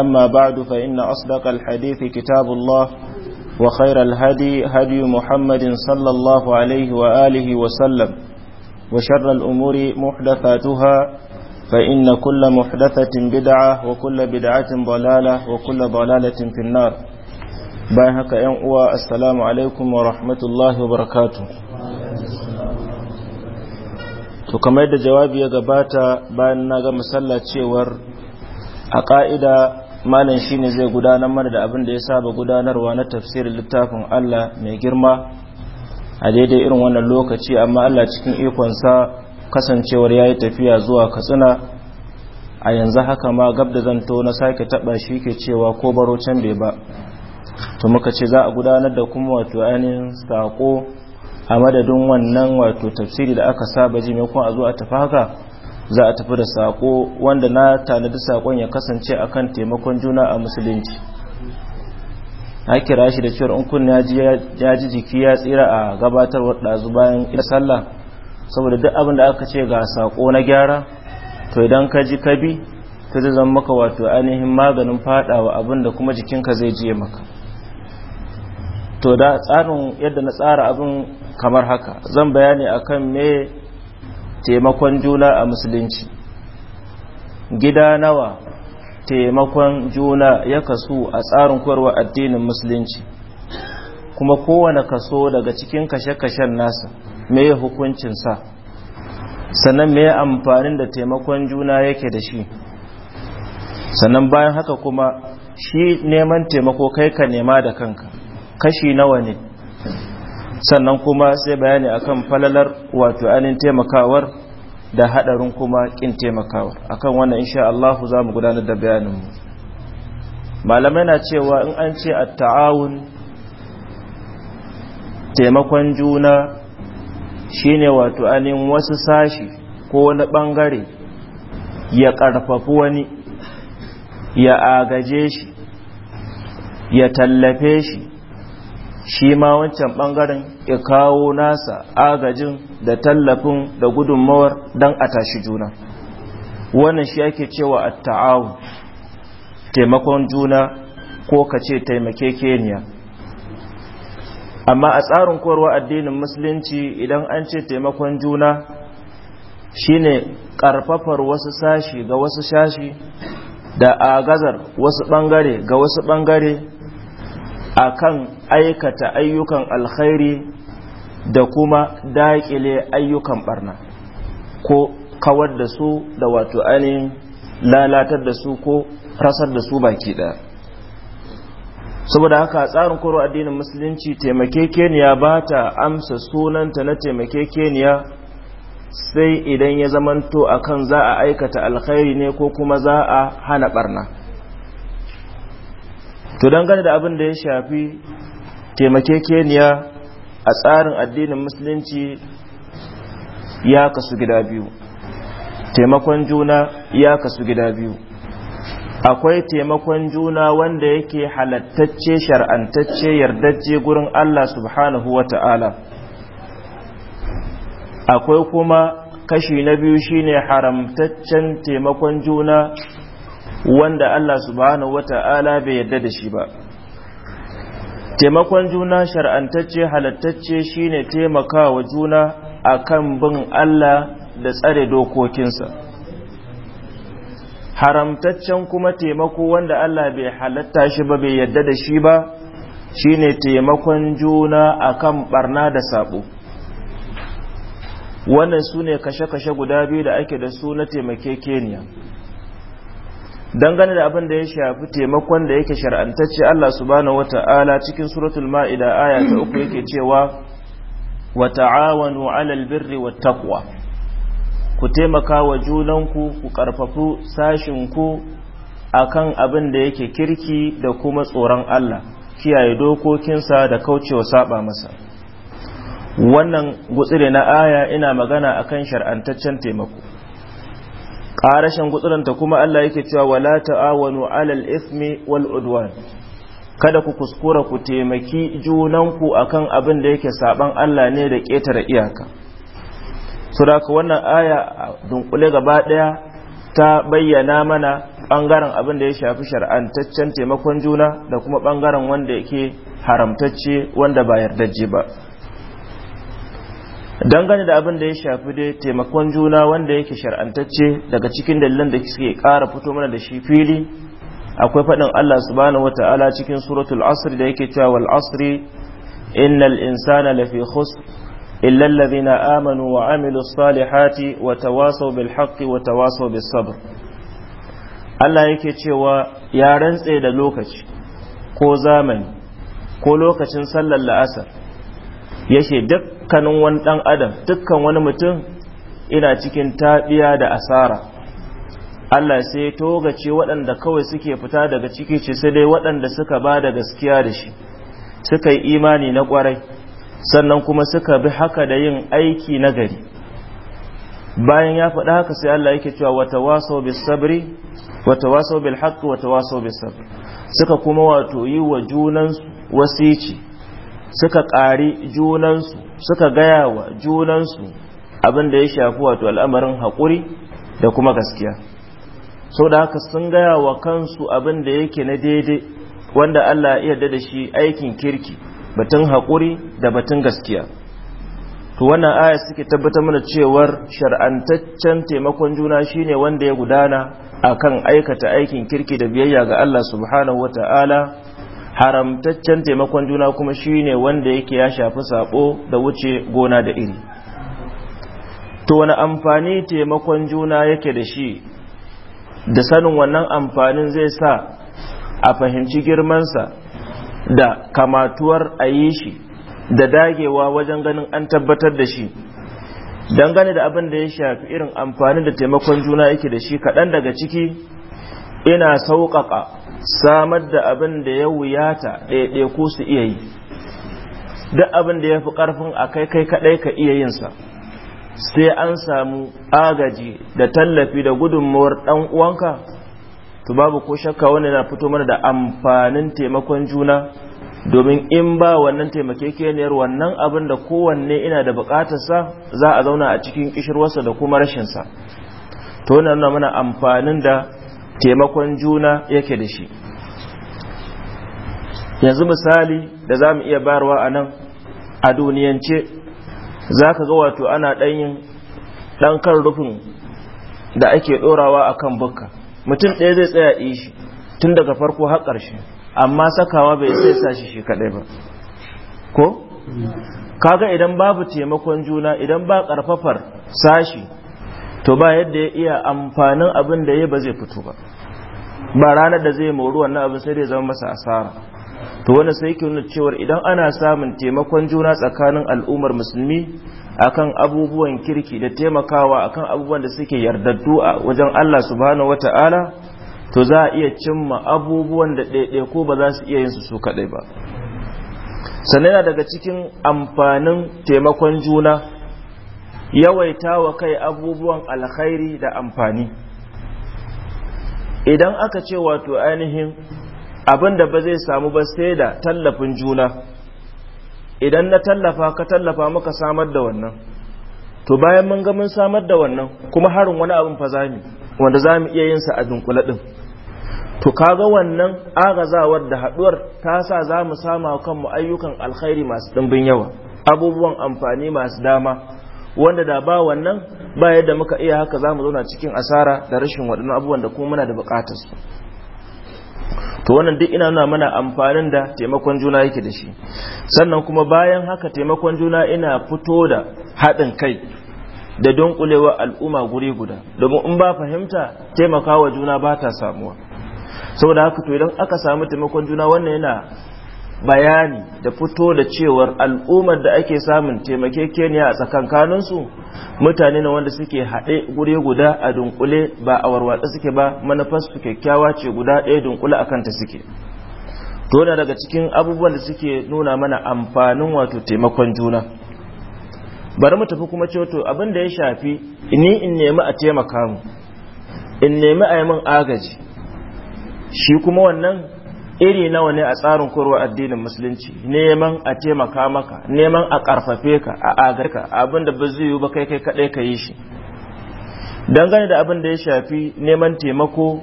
أما بعد فإن أصدق الحديث كتاب الله وخير الهدي هدي محمد صلى الله عليه وآله وسلم وشر الأمور محدثاتها فإن كل محدثة بدعة وكل بدعة ضلالة وكل ضلالة في النار باهك ينقوى السلام عليكم ورحمة الله وبركاته to kamar da jawabi ya gabata bayan na ga masallacewar a ƙa'ida malam ne zai gudanar mana da abin da ya saba gudanarwa na tafsirin littafin Allah mai girma a daidai irin wannan lokaci amma Allah cikin ikonsa kasancewar ya yi tafiya zuwa katsina a yanzu haka ma gab da zanto na sake taba shi ke cewa ko baro can bai ba to muka ce za a gudanar da kuma wato ainihin saƙo a madadin wannan wato tafsiri da aka saba ji ko a zo a tafi haka za a tafi da sako wanda na tanadi sakon ya kasance akan taimakon juna a musulunci na kira shi da cewar unkun ya ji jiki ya tsira a gabatarwar ɗazu bayan ila sallah saboda duk abin da aka ce ga sako na gyara to idan ka ji ka bi ta zai zama maka wato ainihin maganin fadawa abin da kuma jikinka zai je maka to da tsarin yadda na tsara abin kamar haka zan bayani akan me taimakon juna a musulunci gida nawa taimakon juna ya kasu a tsarin kwarwa addinin musulunci kuma kowane kaso daga cikin kashe-kashen nasa mai hukuncinsa sannan mai amfanin da taimakon juna yake da shi sannan bayan haka kuma shi neman taimako kai ka nema da kanka kashi nawa ne sannan kuma sai bayani akan falalar wato anin taimakawar da hadarin kuma kin taimakawar akan wannan insha Allah za mu gudanar da bayanin mu malamai na cewa in an ce at-ta'awun taimakon juna shine wato anin wasu sashi ko wani bangare ya karfafi wani ya agaje shi ya tallafe shi shi ma wancan bangaren ya kawo nasa agajin da tallafin da gudunmawar don a tashi juna wannan shi ake cewa a ta'awun taimakon juna ko ka ce taimake keniya. amma a tsarin korwa addinin musulunci idan an ce taimakon juna shine karfafar wasu sashi ga wasu sashi da agazar wasu bangare ga wasu bangare a kan. aikata ayyukan alkhairi da kuma daƙile ayyukan barna ko kawar da su da wato ainihin lalatar da su ko rasar da su baki ɗaya saboda haka tsarin koro addinin musulunci taimakekeniya ba ta amsa sunanta na taimakekeniya sai idan ya zamanto akan za a aikata alkhairi ne ko kuma za a hana barna to dangane da abin da ya shafi Taimake Keniya a tsarin addinin musulunci ya kasu gida biyu taimakon juna ya kasu gida biyu akwai taimakon juna wanda yake halattacce shar'antacce yardacce gurin Allah subhanahu wa ta'ala akwai kuma kashi na biyu shine haramtaccen taimakon juna wanda Allah subhanahu wa ta'ala bai yarda da shi ba taimakon juna shar'antacce halattacce shine taimakawa juna akan bin Allah da tsare dokokinsa haramtaccen kuma taimako wanda Allah bai halatta shi ba bai yadda da shi ba shine taimakon juna akan barna da sabo wannan su ne kashe-kashe guda biyu da ake da su na taimake taimakekeniya dangane da abin da ya shafi taimakon da yake shar'antacce Allah subhanahu wata'ala cikin suratul ma'ida aya ta uku yake cewa wa ta'awanu 'alal birri wat taqwa ku taimaka wa junanku ku karfafu sashin ku akan abin da yake kirki da kuma tsoron Allah kiyaye dokokinsa da kaucewa saba masa wannan gutsire na aya ina magana akan shar'antaccen taimako ƙarashin gutsuranta kuma Allah yake cewa wala ta'awanu alal ismi wal udwan kada ku kuskura ku taimaki junanku akan abin da yake saban Allah ne da ƙetare iyaka suraka wannan aya dunkule gaba ɗaya ta bayyana mana bangaren abin da ya shafi shar'antaccen taimakon juna da kuma ɓangaren wanda yake haramtacce wanda ba yardajje ba dangane da abin da ya shafi dai taimakon juna wanda yake shar'antacce daga cikin dalilan da suke ƙara fito mana da shi fili akwai faɗin Allah subhanahu wata'ala cikin suratul asr da yake cewa wal asri innal insana lafi khusr illa alladhina amanu wa amilus salihati wa tawasaw bil haqqi wa tawasaw bis sabr Allah yake cewa ya rantse da lokaci ko zamani ko lokacin sallar la'asar Yashe dukkanin wani dan adam dukkan wani mutum ina cikin taɓiya da asara Allah sai ya togace waɗanda kawai suke fita daga ciki ce sai dai waɗanda suka ba da gaskiya da shi suka yi imani na ƙwarai sannan kuma suka bi haka da yin aiki na gari bayan ya faɗa haka sai Allah yake cewa wata waso bis sabri wata waso bil haqq wata waso bis sabr suka kuma wato yi wa junan wasici suka ƙari junansu suka gaya wa junansu abin da ya shafi wato al'amarin haƙuri da kuma gaskiya sau da haka sun gaya wa kansu abin da yake na daidai wanda Allah ya yarda da shi aikin kirki batun haƙuri da batun gaskiya to wannan aya suke tabbatar mana cewar shar'antaccen taimakon juna shine wanda ya gudana akan aikata aikin kirki da biyayya ga Allah subhanahu wata'ala haramtaccen taimakon juna kuma shi ne wanda yake ya shafi sabo da wuce gona da iri to wani amfani taimakon juna yake da shi da sanin wannan amfanin zai sa a fahimci girmansa da kamatuwar a yi shi da dagewa wajen ganin an tabbatar da shi dangane da abin da ya shafi irin amfani da taimakon juna yake da shi kaɗan daga ciki ina sauƙaƙa samar da abin da ya wuyata ɗaiɗe ko su iya yi duk abin da ya fi ƙarfin a kai kai kaɗai ka iya yinsa sai an samu agaji da tallafi da gudunmawar ɗan uwanka to babu ko shakka wani na fito mana da amfanin taimakon juna domin in ba wannan taimake taimakekeniyar wannan abin da kowanne ina da buƙatarsa za a zauna a cikin kishirwarsa da kuma rashinsa to wannan nuna mana amfanin da taimakon juna yake da shi yanzu misali da za mu iya bayarwa a nan a duniyance za ka ga wato ana ɗanyin ɗankan rufin da ake ɗorawa a kan bukka mutum ɗaya zai tsaya ishi tun daga farko haƙar shi amma sakawa bai sai sa shi shi kaɗai ba ko kaga idan babu taimakon juna idan ba ƙarfafar sashi to ba yadda ya iya amfanin abin da ya ba zai fito ba ba ranar da zai mori wannan abin sai dai zama masa asara to wani sai ke nuna cewar idan ana samun taimakon juna tsakanin al'ummar musulmi akan abubuwan kirki da taimakawa akan abubuwan da suke yardaddu a wajen Allah subhanahu wata'ala to za a iya cimma abubuwan da ɗaiɗai ko ba za su iya yin su su kaɗai ba sannan yana daga cikin amfanin taimakon juna yawaita wa kai abubuwan alkhairi da amfani idan aka ce wato ainihin abin da ba zai samu ba sai da tallafin juna idan na tallafa ka tallafa muka samar da wannan to bayan mun ga mun samar da wannan kuma harin wani abin fa zami wanda za iya yin sa a dunkule din to kaga wannan agazawar da haduwar ta sa zamu mu sama kanmu ayyukan alkhairi masu dimbin yawa abubuwan amfani masu dama wanda da ba wannan ba yadda muka iya haka za mu zauna cikin asara da rashin waɗannan abubuwan da kuma muna da buƙatar su to wannan duk ina nuna mana amfanin da taimakon juna yake da shi sannan kuma bayan haka taimakon juna ina fito da haɗin kai da dunkulewa al'umma guri guda domin in ba fahimta taimakawa juna ba ta samuwa saboda haka to idan aka samu taimakon juna wannan yana bayani da fito da cewar al'ummar da ake samun taimakekeniya a tsakankaninsu mutane na wanda suke haɗe guri guda a dunkule ba a warwatsa suke ba manufarsu kyakkyawa ce guda ɗaya dunkule a kanta suke tona daga cikin abubuwan da suke nuna mana amfanin wato taimakon juna bari mu tafi kuma ceto abin da ya shafi ni in nemi a taimaka mu in nemi a yi mun agaji shi kuma wannan iri nawa ne a tsarin korwa addinin musulunci neman a taimaka maka neman a ƙarfafe ka a agarka abin da ba zai yi ba kai kai kaɗai ka yi shi dangane da abin da ya shafi neman taimako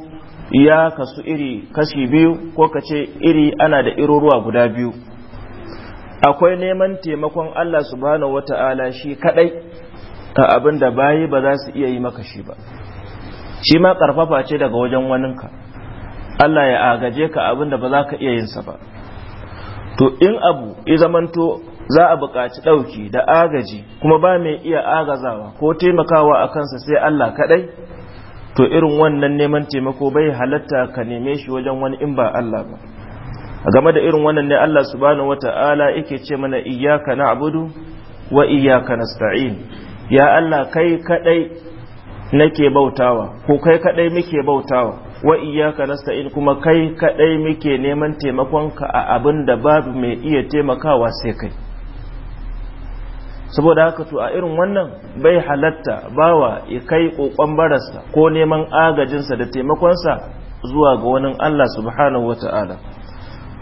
ya kasu iri kashi biyu ko ka ce iri ana da iruruwa guda biyu akwai neman taimakon Allah subhanahu wata'ala shi kaɗai a abin da bayi ba za su iya yi maka shi ba shi ma ƙarfafa ce daga wajen waninka Allah ya agaje ka abin da ba za ka iya yinsa ba to in abu ya zamanto za a buƙaci ɗauki da agaji kuma ba mai iya agazawa ko taimakawa a kansa sai Allah kaɗai to irin wannan neman taimako bai halatta ka neme shi wajen wani in ba Allah ba a game da irin wannan ne Allah subhanahu wata'ala yake ce mana iyyaka na'budu wa iyyaka nasta'in ya Allah kai kaɗai nake bautawa ko kai kaɗai muke bautawa wa iyyaka nasta'in kuma kai kadai muke neman taimakon ka a abin da babu mai iya taimakawa sai kai saboda haka to a irin wannan bai halatta bawa ya kai kokon barasa ko neman agajinsa da taimakonsa zuwa ga wani Allah subhanahu wata'ala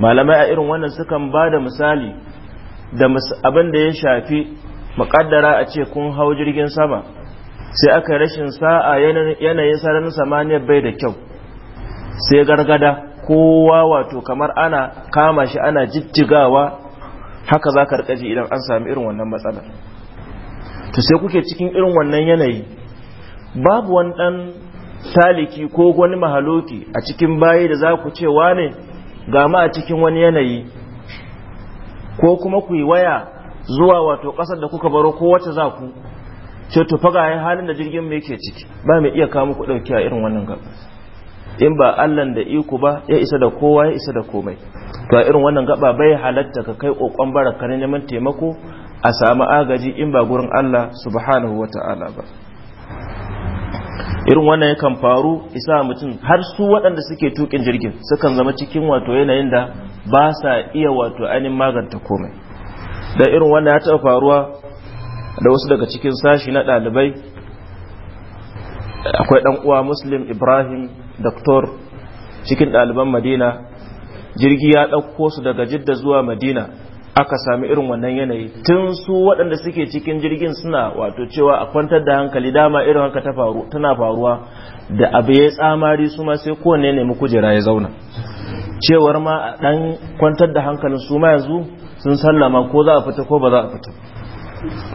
malamai a irin wannan sukan ba da misali da abin da ya shafi makaddara a ce kun hau jirgin sama sai aka rashin sa'a yanayin sararin samaniyar bai da kyau sai gargada kowa wato kamar ana kama shi ana jijjigawa haka za ka rikaji idan an sami irin wannan matsala. to sai kuke cikin irin wannan yanayi babu wani ɗan taliki ko wani mahaloki a cikin bayi da za ku ce wane gama a cikin wani yanayi ko kuma ku yi waya zuwa wato ƙasar da kuka baro ko wacce za ku ce tufa ga halin da jirgin mai ke ciki ba mai iya kawo ku ɗauki a irin wannan gabas in ba allan da iko ba ya isa da kowa ya isa da komai to a irin wannan gaba bai halatta ka kai kokon baraka na neman taimako a samu agaji in ba gurin allah subhanahu wa ba irin wannan yakan faru isa mutum har su waɗanda suke tukin jirgin sukan zama cikin wato yanayin da ba sa iya wato ainihin maganta komai da irin wannan ya taɓa faruwa da wasu daga cikin sashi na ɗalibai akwai ɗan uwa muslim ibrahim doktor cikin ɗaliban madina jirgi ya ɗauko su daga jidda zuwa madina aka sami irin wannan yanayi tun su waɗanda suke cikin jirgin suna wato cewa a kwantar da hankali dama irin haka ta faru tana faruwa da abu ya tsamari su ma sai kowanne nemi kujera ya zauna cewar ma a ɗan kwantar da hankalin su ma yanzu sun sallama ko za a fita ko ba za a fita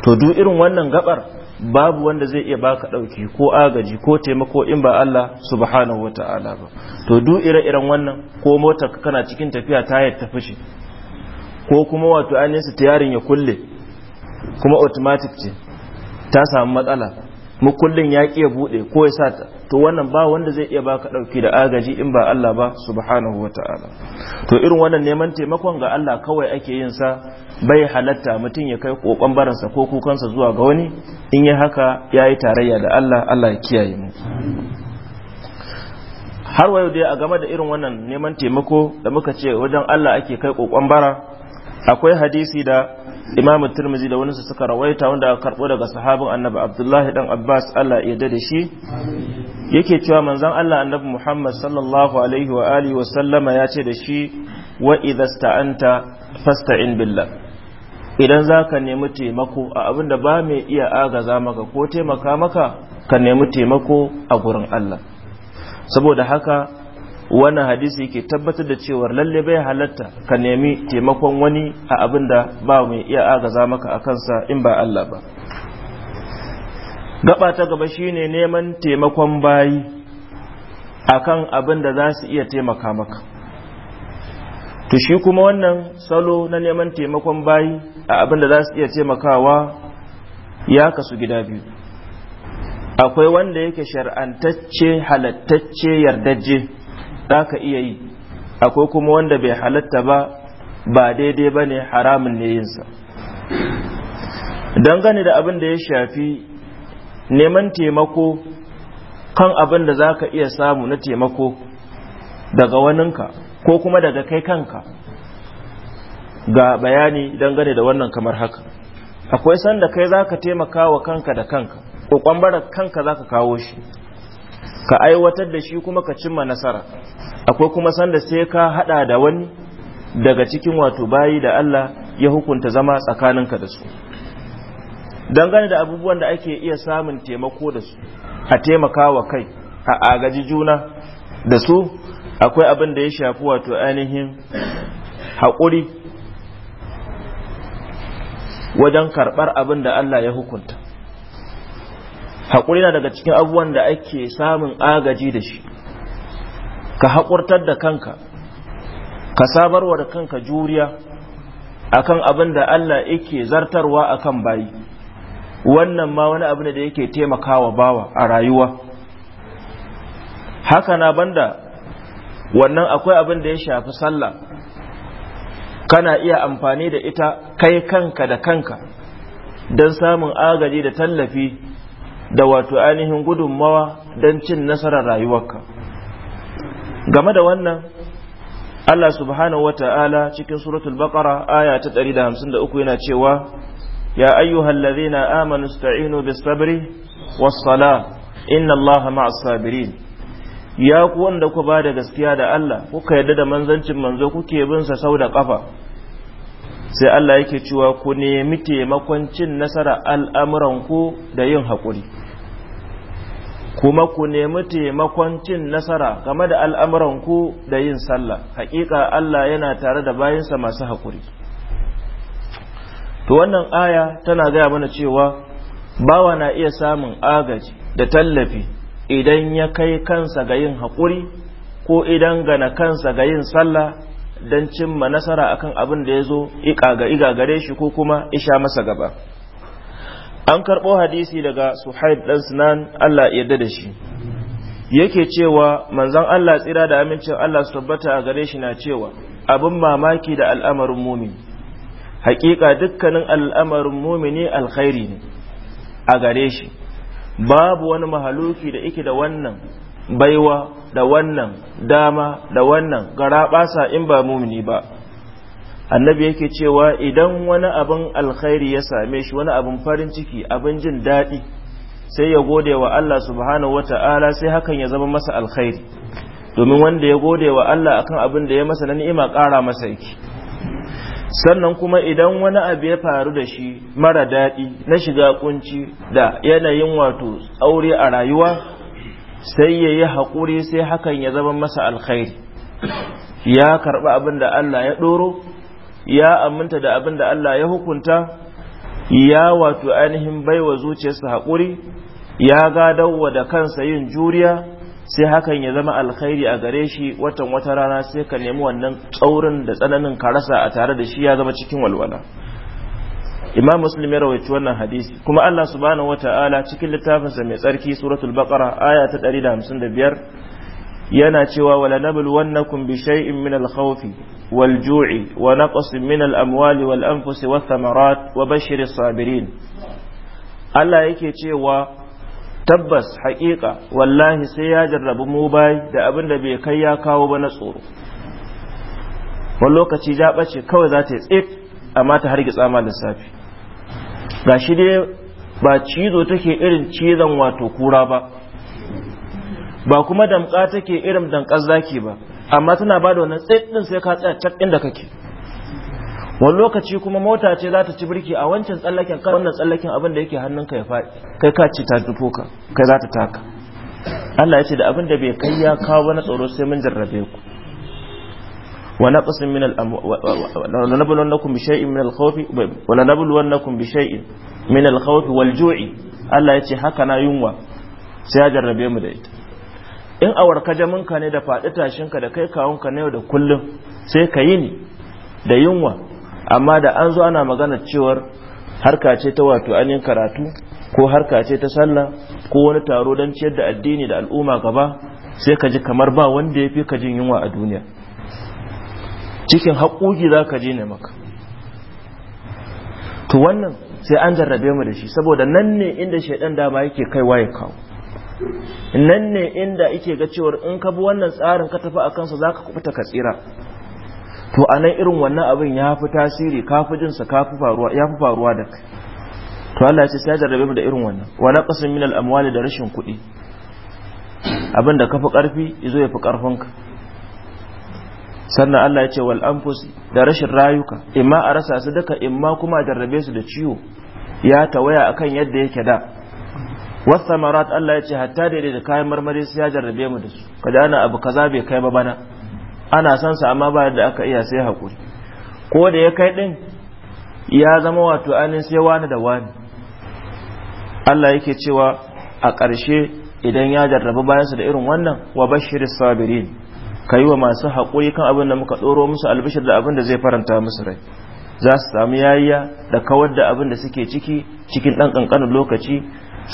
to duk irin wannan gabar babu wanda zai iya baka ɗauki ko agaji ko taimako in ba Allah subhanahu wa ta'ala ba to duk ire-iren wannan ko motar kana cikin tafiya ta yi ta fashe ko kuma wato ainihin su tayarin ya kulle kuma automatic ce ta samu matsala mu kullun ya ki ya bude ko ya sa to wannan ba wanda zai iya baka dauki da agaji in ba Allah ba subhanahu wataala to irin wannan neman taimakon ga Allah kawai ake yin sa bai halatta mutum ya kai kokon baransa ko kukansa zuwa ga wani in yi haka yayi tarayya da Allah Allah ya kiyaye mu har wayo dai a game da irin wannan neman taimako da muka ce wajen Allah ake kai kokon bara akwai hadisi da imam Al-Tirmizi da wani suka rawaita wanda aka karbo daga sahabin annabi abdullahi dan abbas allah ya da shi yake cewa manzon Allah annabi Muhammad sallallahu alaihi wa alihi wa sallama ya ce da shi wa idza sta'anta fasta'in billah idan zaka nemi taimako a abin da ba mai iya agaza maka ko taimaka maka ka nemi taimako a gurin Allah saboda haka wannan hadisi yake tabbatar da cewa lalle bai halatta ka nemi taimakon wani a abin da ba mai iya agaza maka a kansa in ba Allah ba gaba ta gaba shine neman taimakon bayi akan abin da za su iya taimaka maka to shi kuma wannan salo na neman taimakon bayi a abin da za su iya taimakawa ya kasu gida biyu akwai wanda yake shar'antacce halattacce yardajje za ka iya yi akwai kuma wanda bai halatta ba ba daidai ba ne haramun ne yinsa dangane da abin da ya shafi neman taimako kan abin da za ka iya samu na taimako daga waninka ko kuma daga kai kanka ga bayani dangane da wannan kamar haka akwai sanda kai za ka taimaka wa kanka da kanka kokon bara kanka za ka kawo shi ka aiwatar da shi kuma ka cimma nasara akwai kuma sanda sai ka hada da wani daga cikin wato bayi da Allah ya hukunta zama tsakaninka da su dangane da abubuwan da ake iya samun taimako da su a taimaka wa kai a agaji juna da su akwai abin da ya shafi wato ainihin haƙuri wajen karɓar abin da Allah ya hukunta haƙuri na daga cikin abubuwan da ake samun agaji da shi ka haƙurtar da kanka ka sabarwa da kanka juriya akan abin da Allah yake zartarwa akan bayi wannan ma wani abu ne da yake taimakawa bawa a rayuwa haka na banda wannan akwai abin da ya shafi sallah kana iya amfani da ita kai kanka da kanka don samun agaji da tallafi da wato ainihin gudunmawa don cin nasarar rayuwarka game da wannan Allah subhanahu wa ta'ala cikin suratul baqara aya ta 153 yana cewa يا أيها الذين آمنوا استعينوا بالصبر والصلاة إن الله مع الصابرين ya ku wanda ku bada gaskiya da Allah kuka yarda da manzancin manzo kuke bin sa sau da kafa sai Allah yake cewa ku nemi taimakon cin nasara al'amuran ku da yin haƙuri kuma ku nemi taimakon cin nasara game da al'amuran ku da yin sallah Haƙiƙa Allah yana tare da bayinsa masu haƙuri to wannan aya tana gaya mana cewa bawa na iya samun agaji da tallafi idan ya kai kansa ga yin haƙuri ko idan gana kansa ga yin sallah don cimma nasara akan abin da ya zo gare shi ko kuma isha masa gaba an karɓo hadisi daga suhaib ɗan sinan allah yarda da shi yake cewa manzan allah tsira da amincin allah su tabbata a gare shi na cewa abin mamaki da al'amarin mumin hakika dukkanin al'amarin mumini alkhairi ne a gare shi babu wani mahaluki da ike da wannan baiwa da wannan dama da wannan gara in ba mumini ba annabi yake cewa idan wani abin alkhairi ya same shi wani abin farin ciki abin jin daɗi sai ya gode wa Allah subhanahu wata'ala sai hakan ya zama masa alkhairi domin wanda ya gode wa Allah akan abin da ya masa na ni'ima ƙara masa yake sannan kuma idan wani abu ya faru da shi mara daɗi na shiga kunci da yanayin wato aure a rayuwa sai ya yi haƙuri sai hakan ya zama masa alkhairi ya karɓi abin da Allah ya ɗoro ya aminta da abin da Allah ya hukunta ya wato ainihin baiwa zuciyarsa haƙuri ya gadawa da kansa yin juriya sai hakan ya zama alkhairi a gare shi watan wata rana sai ka nemi wannan tsaurin da tsananin karasa a tare da shi ya zama cikin walwala imam muslim ya rawaito wannan hadisi kuma Allah subhanahu wataala cikin littafinsa mai tsarki suratul baqara aya ta 155 yana cewa wala nabul wannakum bi shay'in min al-khawf wal ju'i wa naqsin min al-amwali wal anfusi wath thamarat wa bashir as-sabirin Allah yake cewa tabbas haƙiƙa wallahi sai ya jarrabu mu bai da abin da bai kai ya kawo ba na tsoro wani lokaci ja ɓace kawai za ta yi tsit amma ta gitsa ma lissafi ga shi dai ba cizo take irin cizon wato kura ba ba kuma damƙa take irin damƙar zaki ba amma tana ba da wannan tsit ɗin sai ka tsaya cak inda kake wani lokaci kuma mota ce za ta ci birki a wancan tsallaken kan wannan tsallaken abin da yake hannunka ya faɗi kai ka ci ta dubo ka kai za ta taka Allah ya ce da abin da bai kai ya kawo wani tsoro sai mun jarrabe ku wa naqsin min al-amwali wa annakum bi shay'in min al-khawfi wa annakum bi shay'in min al-khawfi wal-ju'i Allah ya ce haka na yunwa sai ya jarrabe mu da ita in awar kajaminka ne da faɗi tashinka da kai kawunka na yau da kullum sai ka yi ni da yunwa amma da an zo ana magana cewar harka ce ta wato ainihin karatu ko harka ce ta sallah ko wani taro don ciyar da addini da al'umma gaba sai ka ji kamar ba wanda ya fi ka jin yunwa a duniya cikin haƙoƙi za ka je ne maka to wannan sai an jarrabe mu da shi saboda nan ne inda shaidan dama yake kaiwa ya kawo nan ne inda ike ga cewar in ka bi wannan tsarin ka tafi a kansa za ka kubuta ka tsira to anan irin wannan abin ya fi tasiri ka fi jinsa ka fi faruwa ya fi faruwa da kai to Allah ya ce sai jarrabe mu da irin wannan wa naqasin min al-amwali da rashin kuɗi Abinda ka fi ƙarfi yazo ya fi ƙarfinka sannan Allah ya ce wal anfus da rashin rayuka imma a rasa su daka imma kuma a jarrabe su da ciwo ya tawaya akan yadda yake da samarat Allah ya ce hatta da da kayan marmari sai ya jarrabe mu da su kaji ana abu kaza bai kai ba bana ana son sa amma ba da aka iya sai hakuri ko da ya kai din ya zama wato ainihin sai wani da wani Allah yake cewa a ƙarshe idan ya jarrabu bayansa da irin wannan wa bashiris sabirin ka yi wa masu hakuri kan abin da muka ɗoro musu albishir da abin da zai faranta musu rai za su samu yayya da kawar da abin da suke ciki cikin ɗan ƙanƙanin lokaci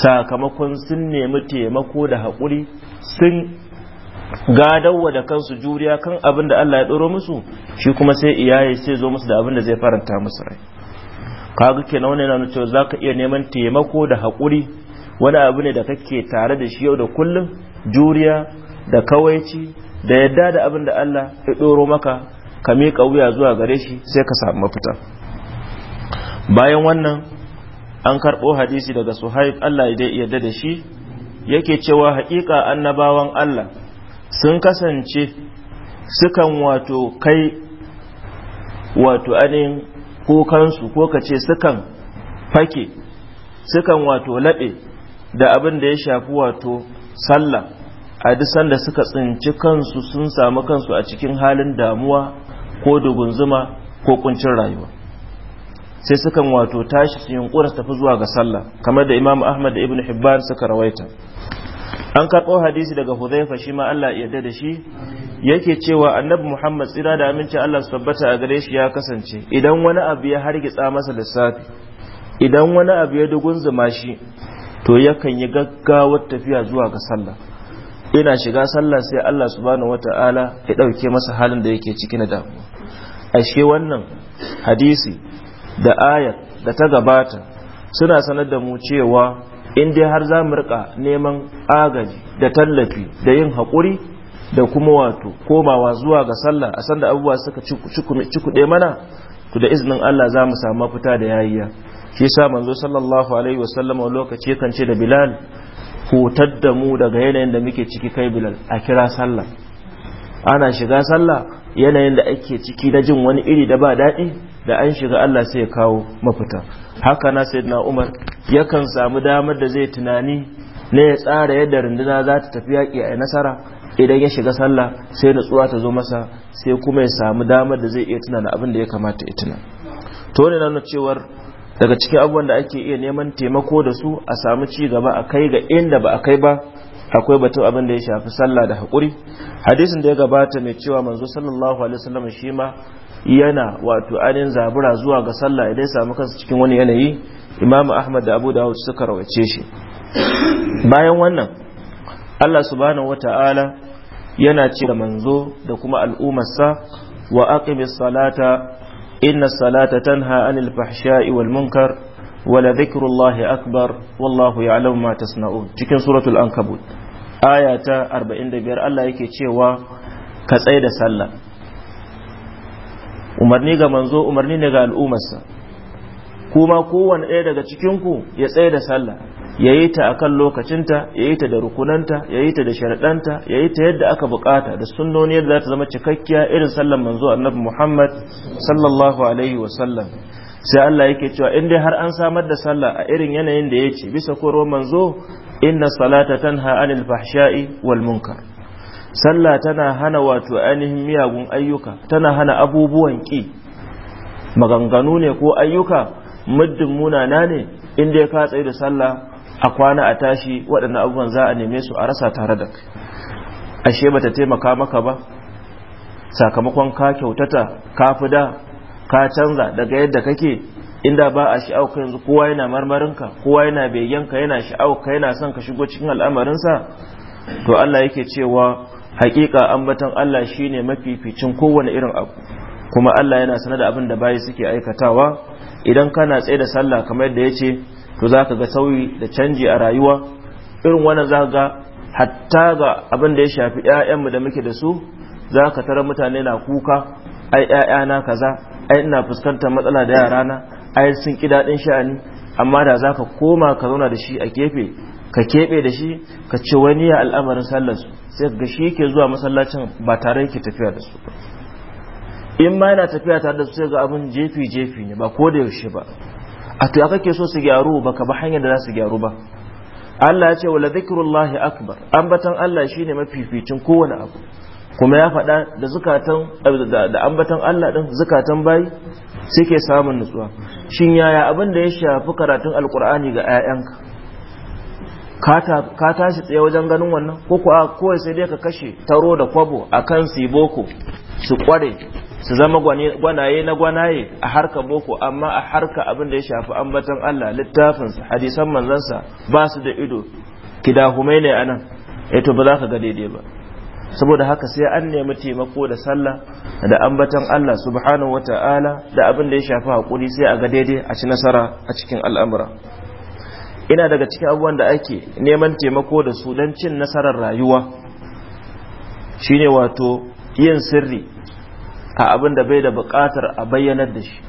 sakamakon sun nemi taimako da hakuri sun gadawa da kansu juriya kan abin da Allah ya ɗoro musu shi kuma sai iyaye sai zo musu da abin da zai faranta musu rai kaga kenan wani yana cewa za ka iya neman taimako da haƙuri wani abu ne da kake tare da shi yau da kullum juriya da kawaici da yadda da abin da Allah ya ɗoro maka ka miƙa wuya zuwa gare shi sai ka samu mafita bayan wannan an karɓo hadisi daga suhaib Allah ya yadda da shi yake cewa haƙiƙa annabawan Allah sun kasance sukan wato kai wato anin kukansu ko ka ce sukan fake sukan wato laɓe da abin da ya shafi wato sallah a duk sanda suka tsinci kansu sun samu kansu a cikin halin damuwa ko dugunzuma ko kuncin rayuwa sai sukan wato tashi su yunkura tafi zuwa ga sallah kamar da imam ahmad da ibn hibban suka rawaita an karɓo hadisi daga huzaifa shi ma Allah yarda da shi yake cewa annabi Muhammad tsira da aminci Allah su tabbata a gare shi ya kasance idan wani abu ya hargitsa masa lissafi idan wani abu ya zuma shi to yakan yi gaggawar tafiya zuwa ga sallah ina shiga sallah sai Allah subhanahu wata'ala ya ɗauke masa halin da yake ciki na damuwa ashe wannan hadisi da ayat da ta gabata suna sanar da mu cewa in dai har za mu rika neman agaji da tallafi da yin haƙuri da kuma wato komawa zuwa ga sallah a sanda abubuwa suka cikuɗe mana to da izinin Allah za mu samu mafita da yayiya shi sa manzo sallallahu alaihi sallam a lokaci kan ce da Bilal hutar da mu daga yanayin da muke ciki kai Bilal a kira sallah ana shiga sallah yanayin da ake ciki na jin wani iri da ba daɗi da an shiga Allah sai ya kawo mafita haka na sayyidina umar yakan samu damar da zai tunani na ya tsara yadda runduna za ta tafi yaƙi a nasara idan ya shiga sallah sai natsuwa ta zo masa sai kuma ya samu damar da zai iya tunana abin da ya kamata ya tuna to ne nuna cewar daga cikin abubuwan da ake iya neman taimako da su a samu ci gaba a kai ga inda ba a kai ba akwai batun abin da ya shafi sallah da hakuri hadisin da ya gabata mai cewa manzo sallallahu alaihi wasallam shi ma yana wato ainihin zabura zuwa ga sallah idan samu kansa cikin wani yanayi imamu ahmad da abu dawud suka rawace shi bayan wannan allah subhanahu wata'ala yana ce da manzo da kuma al'ummarsa wa aqimis salata inna salata tanha anil fahsha'i wal munkar wala dhikrullahi akbar wallahu ya'lamu ma tasna'un cikin suratul ankabut aya ta 45 Allah yake cewa ka tsaye da sallah umarni ga manzo umarni ne ga al'ummarsa kuma kowane ɗaya daga cikinku ya tsaye da sallah ya yi ta a kan lokacinta ya yi ta da rukunanta ya yi ta da sharaɗanta ya yi ta yadda aka bukata da sunnoni yadda za ta zama cikakkiya irin sallan manzo annabi muhammad sallallahu alaihi wasallam sai Allah yake cewa in dai har an samar da sallah a irin yanayin da ya ce bisa korowar manzo inna salata tanha anil fahsha'i wal munkar sallah tana hana wato ainihin miyagun ayyuka tana hana abubuwan ki. maganganu ne ko ayyuka muddin munana ne inda ya katsa da sallah a kwana a tashi waɗannan abubuwan za a neme su a rasa tare da kai ashe bata taimaka maka ba sakamakon ka kyautata ka fida ka canza daga yadda kake inda ba a sha'awar yanzu kowa yana marmarinka kowa yana begenka yana sha'awar yana son ka shigo cikin al'amarinsa to Allah yake cewa hakika ambatan Allah shine mafificin kowane irin abu kuma Allah yana sanar da abin da bayi suke aikatawa idan kana tsaye da sallah kamar yadda ce, to zaka ga sauyi da canji a rayuwa irin wannan zaka ga hatta ga abin da ya shafi ƴaƴanmu da muke da su zaka tara mutane na kuka ai ƴaƴana kaza ai ina fuskantar matsala da yarana ai sun ki daɗin sha'ani amma da za ka koma ka zauna da shi a gefe ka keɓe da shi ka ce wani ya al'amarin sallarsu sai ga shi yake zuwa masallacin ba tare yake tafiya da su in ma yana tafiya tare da su sai ga abin jefi-jefi ne ba ko da yaushe ba a to ya kake so su gyaru ba ka ba hanyar da za su gyaru ba Allah ya ce wala zikrullahi akbar ambatan Allah shine mafificin kowane abu kuma ya faɗa da zukatan eh, da ambatan Allah din zukatan bayi suke samun nutsuwa shin yaya abin da ya shafi karatun alkur'ani ga 'ya'yanka ka tashi tsaye wajen ganin wannan ko kuwa kowai sai dai ka kashe taro da kwabo a kan su boko su kware su zama gwanaye na gwanaye a harka boko amma a harka abin da ya shafi ambatan Allah littafinsa hadisan manzansa ba su da ido kidahumai ne anan eto eh ba za ka ga daidai ba saboda haka sai an nemi taimako da sallah da ambatan Allah subhanahu wata'ala da abin da ya shafi hakuri sai a ga daidai a ci nasara a cikin al'amura ina daga cikin abubuwan da ake neman taimako da su don cin nasarar rayuwa shine wato yin sirri a abin da bai da buƙatar a bayyanar da shi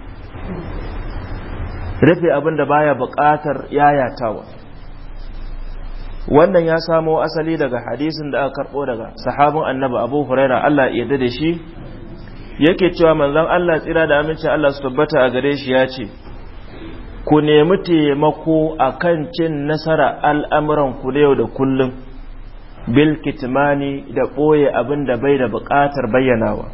rufe abin da baya buƙatar yayatawa wannan ya samo asali daga hadisin da aka karɓo daga sahabin annabi abu huraira allah ya da shi yake cewa manzon allah tsira da aminci allah su tabbata a gare shi ya ce ku nemi taimako a kan cin nasara al'amuran ku da yau da kullum bil kitmani da ɓoye abin da bai da buƙatar bayyanawa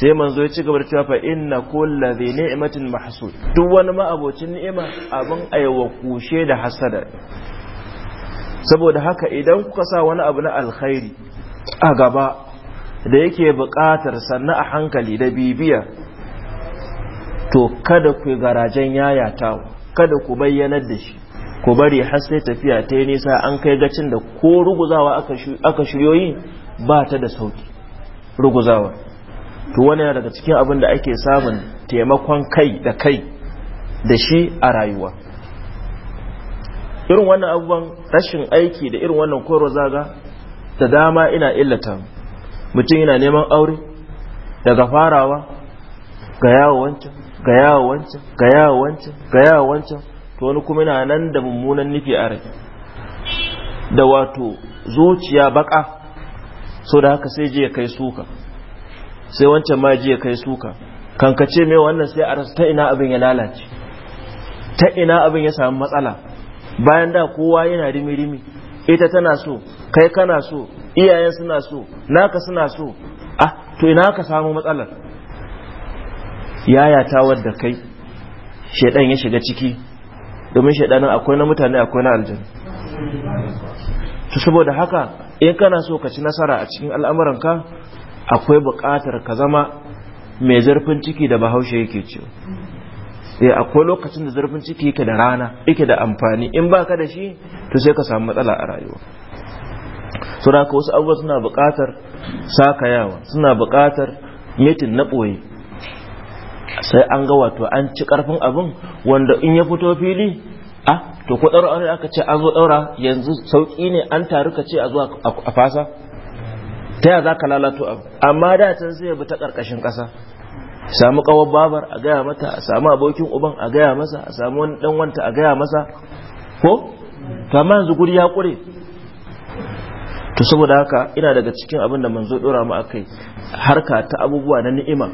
sai manzo ya ci gaba da cewa fa inna kulla zai ni'imatin mahasu duk wani ma'abocin ni'ima abin aiwa kushe da hasada saboda haka idan kuka sa wani abu na alkhairi a gaba da yake buƙatar sannan a hankali da bibiya to kada ku garajen ta kada ku bayyanar da shi ku bari har sai tafiya ta yi nisa an kai gacin da ko ruguzawa aka shiryoyi ba ta da sauki ruguzawa to wani daga cikin abin da ake samun taimakon kai da kai da shi a rayuwa irin wannan abubuwan rashin aiki da irin wannan koro zaga da dama ina illata mutum yana neman aure daga farawa ga yawo wancan ga wancan ga wancan ga wancan to wani kuma yana nan da mummunan nufi a rai da wato zuciya baka so da haka sai je ya kai suka sai wancan ma je ya kai suka kankace mai wannan sai a rasa ta ina abin ya lalace ta ina abin ya samu matsala bayan da kowa yana rimi ita tana so kai kana so iyayen suna so naka suna so ah to ina ka samu matsalar ta da kai shaidan ya shiga ciki domin shaidanin akwai na mutane akwai na aljanu saboda haka in kana so ka ci nasara a cikin al'amuranka akwai buƙatar ka zama mai zarfin ciki da bahaushe yake cewa sai eh, akwai lokacin da zarfin ciki yake da rana yake da amfani in baka da shi to sai ka samu matsala a rayuwa saboda wasu abubuwa suna buƙatar sakayawa suna buƙatar mitin na ɓoye sai an ga wato an ci karfin abin wanda in ya fito fili a to ku ɗaura aure aka ce an zo ɗaura yanzu sauƙi ne an taru ka ce a zuwa a fasa ta yaya za ka lalato abu amma da can sai ya bi ta ƙarƙashin ƙasa samu ƙawar babar a gaya mata a samu abokin uban a gaya masa a samu wani ɗan wanta a gaya masa ko to amma yanzu guri ya ƙure to saboda haka ina daga cikin abin da manzo ɗora mu akai harka ta abubuwa na ni'ima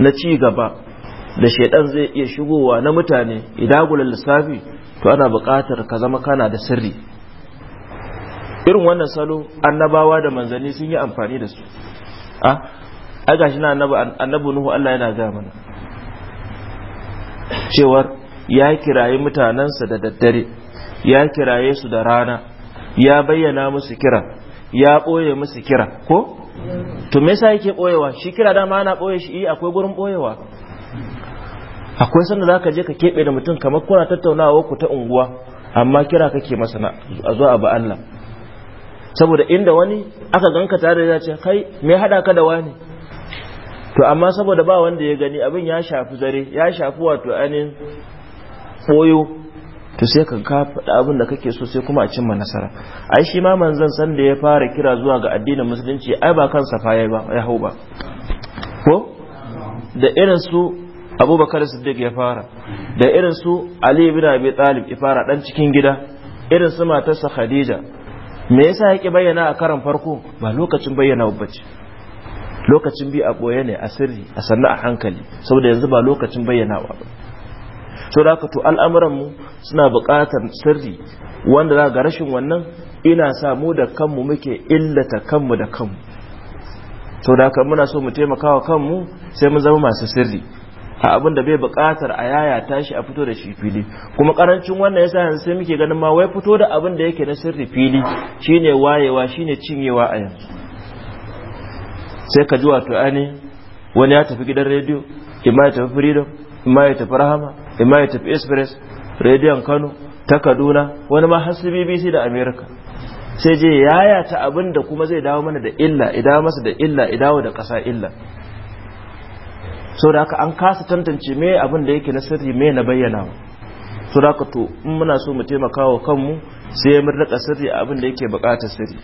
na ci gaba da shaidan zai iya shigowa na mutane idagula lissafi to ana buƙatar ka zama kana da sirri irin wannan salo annabawa da manzanni sun yi amfani da su a ah, gashi na annabi nuhu Allah yana ga mana cewar ya kiraye mutanensa da daddare ya kiraye su da rana ya bayyana musu kira ya ɓoye musu kira ko to me yasa yake boyewa shi kira dama ana boye shi eh, akwai gurin boyewa akwai sanda zaka je ka keɓe da mutum kamar kuna tattaunawa ku ta unguwa amma kira kake masa na a zuwa ba Allah saboda inda wani aka ganka tare da ce kai me hada ka da wani to amma saboda ba wanda ya gani abin ya shafi zare ya shafi wato anin boyo to sai ka ka faɗa abin da kake so sai kuma a cimma nasara ai shi ma manzon san da ya fara kira zuwa ga addinin musulunci ai ba kansa fa ya ba ya hau ba ko da irin su abubakar siddiq ya fara da irin su ali ibn abi talib ya fara dan cikin gida irin su matarsa khadija me yasa yake bayyana a karan farko ba lokacin bayyana bace lokacin bi a boye ne a sirri a sannu a hankali saboda yanzu ba lokacin bayyanawa ba so da to al'amuranmu suna buƙatar sirri wanda za ga rashin wannan ina sa mu da kanmu muke illata kanmu da kanmu so da muna so mu taimaka wa kanmu sai mu zama masu sirri a abin da bai buƙatar a yaya tashi a fito da shi fili kuma ƙarancin wannan yasa yanzu sai muke ganin ma wai fito da abin da yake na sirri fili shine wayewa shine cinyewa a yanzu sai ka ji wato ani wani ya tafi gidan rediyo imma ya tafi freedom imma ya tafi rahama imma ya tafi express rediyon kano ta kaduna wani ma har bbc da america sai je yaya ta abin da kuma zai dawo mana da illa idan masa da illa idawo da ƙasa illa sau da haka an kasa tantance me abin da yake na sirri me na bayyana su to in muna so mu taimaka wa kanmu sai mun rika sirri abin da yake bukata sirri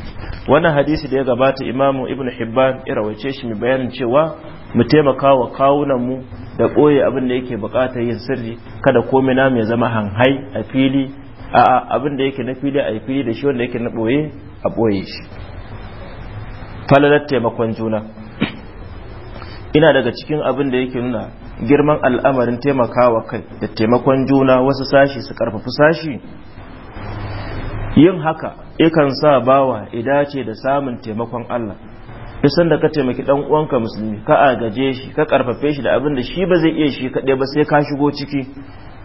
wannan hadisi da ya gabata imamu ibnu hibban ya wace shi mai bayanin cewa mu taimaka wa kawunan mu da koyi abin da yake bukatar yin sirri kada komai na mai zama hanhai a fili a abin da yake na fili a fili da shi wanda yake na boye a boye shi falalar taimakon juna ina daga cikin abin da yake nuna girman al'amarin taimakawa kai da taimakon juna wasu sashi su karfafi sashi yin haka ikan sa bawa idace da samun taimakon Allah isan da ka taimaki dan uwanka musulmi ka agaje shi ka karfafe shi da abin da shi ba zai iya shi kaɗai ba sai ka shigo ciki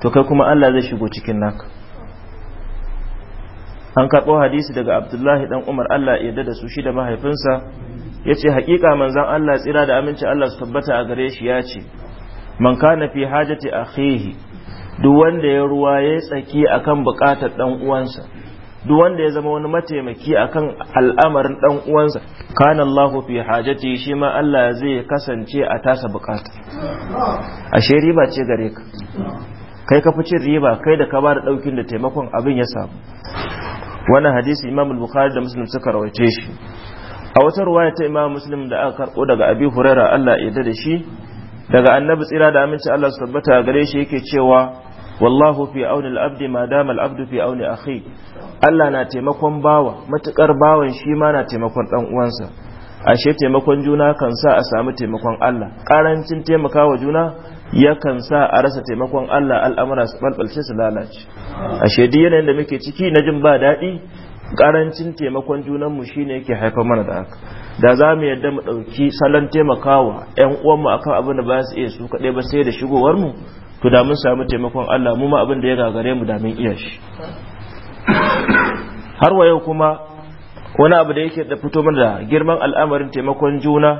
to kai kuma Allah zai shigo cikin naka an karɓo hadisi daga abdullahi dan umar allah yarda da su shi da mahaifinsa ya ce haƙiƙa manzan allah tsira da aminci allah su tabbata a gare shi ya ce man kana fi hajati akhihi duk wanda ya ruwa ya tsaki akan bukatar dan uwansa duk wanda ya zama wani mataimaki akan al'amarin dan uwansa kana Allahu fi hajati shi ma Allah zai kasance a tasa bukata ashe riba ce gare ka kai ka fi cin riba kai da ka ba da daukin da taimakon abin ya samu wannan hadisi Imam Bukhari da Muslim suka rawaice shi a wata ruwaya ta Imam Muslim da aka karbo daga Abi Hurairah Allah ya da shi daga annabi tsira da aminci Allah su tabbata gare shi yake cewa wallahu fi auni abdi ma dama abdu fi auni akhi Allah na taimakon bawa matukar bawan shi ma na taimakon dan uwansa ashe taimakon juna kan sa a samu taimakon Allah karancin taimakawa juna yakan sa a rasa taimakon Allah al'amura su balbalce su lalace ashe duk yanayin da muke ciki na jin ba daɗi karancin taimakon junan mu shine yake haifar mana da haka da za mu yadda mu ɗauki salon taimakawa 'yan uwanmu akan abin da ba su iya su kaɗai ba sai da shigowar mu to da mun samu taimakon Allah mu ma abin da ya gagare mu da mun iya shi har wa yau kuma wani abu da yake da fito mana da girman al'amarin taimakon juna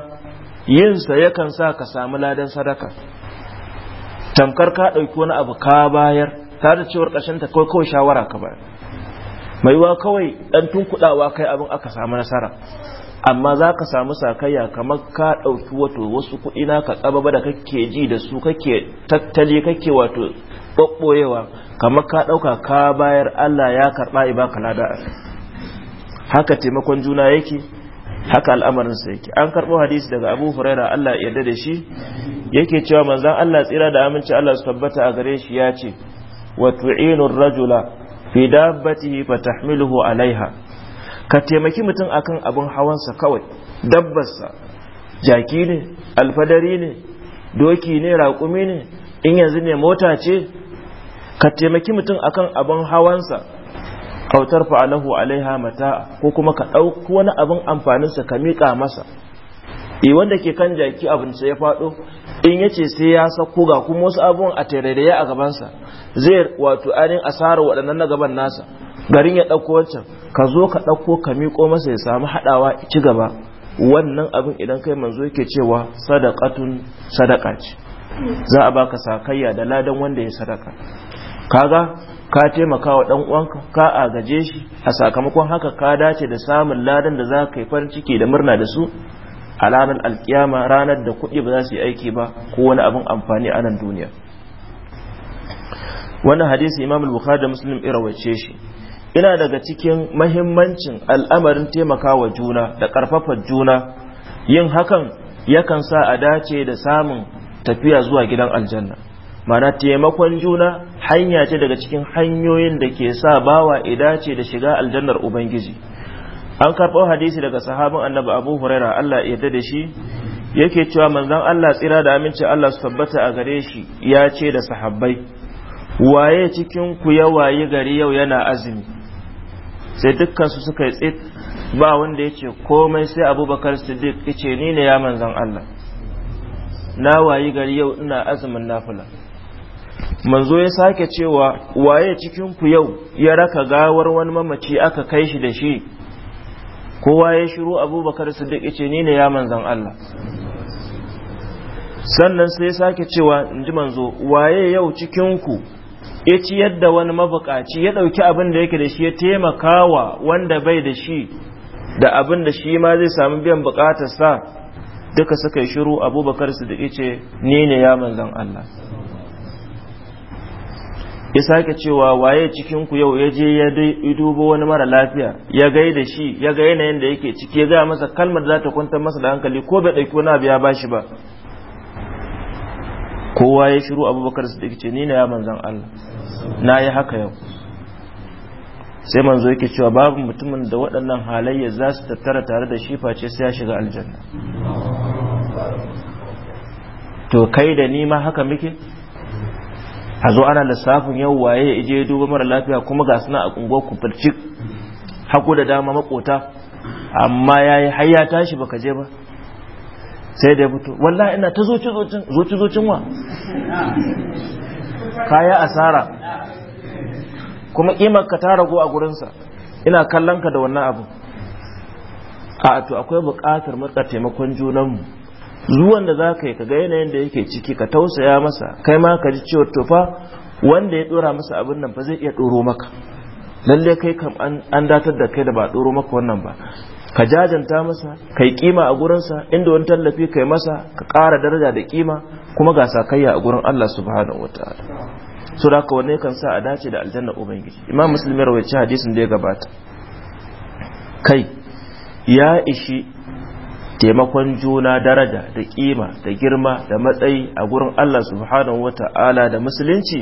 yin sa yakan sa ka samu ladan sadaka tamkar ka ɗauki wani abu ka bayar ta da cewar kashin ta kawai shawara ka bayar mai wa kawai dan tunkuɗawa kai abin aka samu nasara amma za ka samu sakayya kamar ka ɗauki wato wasu kuɗi na ka tsaba da kake ji da su kake tattali kake wato ɓaɓɓoyewa kamar ka ɗauka ka bayar Allah ya karɓa i baka lada haka taimakon juna yake haka al'amarin sa yake an karɓo hadisi daga abu huraira Allah yarda da shi yake cewa manzan Allah tsira da aminci Allah su tabbata a gare shi ya ce wa tu'inur rajula fi dabbati fa tahmiluhu alaiha ka taimaki mutum akan abin hawansa kawai dabbarsa jaki ne alfadari ne doki ne raƙumi ne in yanzu ne mota ce ka taimaki mutum akan abin hawansa autar fa'alahu alaiha mata ko kuma ka ɗauki wani abin amfaninsa ka miƙa masa e wanda ke kan jaki abinci ya faɗo in ya ce sai ya sako ga kuma wasu abubuwan a tarairaya a gabansa zai wato arin asarar waɗannan na gaban nasa garin ya ɗauko wancan ka zo ka ɗauko ka miƙo masa ya samu haɗawa ci gaba wannan abin idan kai manzo yake cewa sadaqatun sadaka ce za a baka sakayya da ladan wanda ya sadaka kaga ka taimaka wa dan uwanka ka agaje shi a sakamakon haka ka dace da samun ladan da za ka yi farin ciki da murna da su a ranar alkiyama ranar da kuɗi ba za su yi aiki ba ko wani abin amfani a nan duniya Wani hadisi imam al-bukhari da muslim irawace shi ina daga cikin mahimmancin al'amarin taimakawa juna da ƙarfafa juna yin hakan yakan sa a dace da samun tafiya zuwa gidan aljanna mana taimakon juna hanya ce daga cikin hanyoyin da ke sa bawa idace da shiga aljannar ubangiji an karɓo hadisi daga sahabin annabi abu huraira Allah ya da shi yake cewa manzon Allah tsira da aminci Allah su tabbata a gare shi ya ce da sahabbai waye cikin ku ya waye gari yau yana azumi sai dukkan su suka yi tsit ba wanda ya komai sai abubakar siddiq yace ni ne ya manzon Allah na wayi gari yau ina azumin nafila manzo ya sake cewa waye cikin ku yau ya raka gawar wani mamaci aka kai shi da shi kowa ya shiru abubakar duk ce ni ne ya manzan Allah sannan sai ya sake cewa in ji manzo waye yau cikinku ya ci yadda wani mabukaci ya ɗauki abin da yake da shi ya taimakawa wanda bai da shi da abin da shi ma zai samu biyan bukatarsa duka suka yi shiru abubakar duk ce ni ne ya manzan Allah ya sake cewa waye cikin ku yau ya je ya dubo wani mara lafiya ya gaida shi ya ga yanayin da yake ciki ya gaya masa kalmar da za ta kwantar masa da hankali ko bai ɗauki wani abu ya bashi ba kowa ya shiru abubakar su ce ni na ya manzon Allah na yi haka yau sai manzo yake cewa babu mutumin da waɗannan halayya za su tattara tare da shi face sai ya shiga aljanna to kai da ni ma haka muke a zo ana lissafin yau waye ya je duba mara lafiya kuma ga suna a kunguwar ku fircik hako da dama makota amma ya yi har ya tashi baka je ba sai da ya fito wallahi ina ta zoci zocin wa kaya asara kuma kimar ka ta rago a gurinsa ina kallon ka da wannan abu a to akwai buƙatar matsa taimakon junanmu zuwan da za ka yi ka ga yanayin da yake ciki ka tausaya masa kai ma ka ji cewa tufa wanda ya dora masa abin nan ba zai iya doro maka lalle kai kam an datar da kai da ba doro maka wannan ba ka jajanta masa kai kima a gurinsa inda wani tallafi kai masa ka ƙara daraja da kima kuma ga sakayya a gurin Allah subhanahu wataala so da ka wanne kan sa a dace da aljanna ubangiji imam muslim ya rawaita hadisin da ya gabata kai ya ishi taimakon juna daraja da kima da girma da matsayi a gurin Allah subhanahu wata'ala da musulunci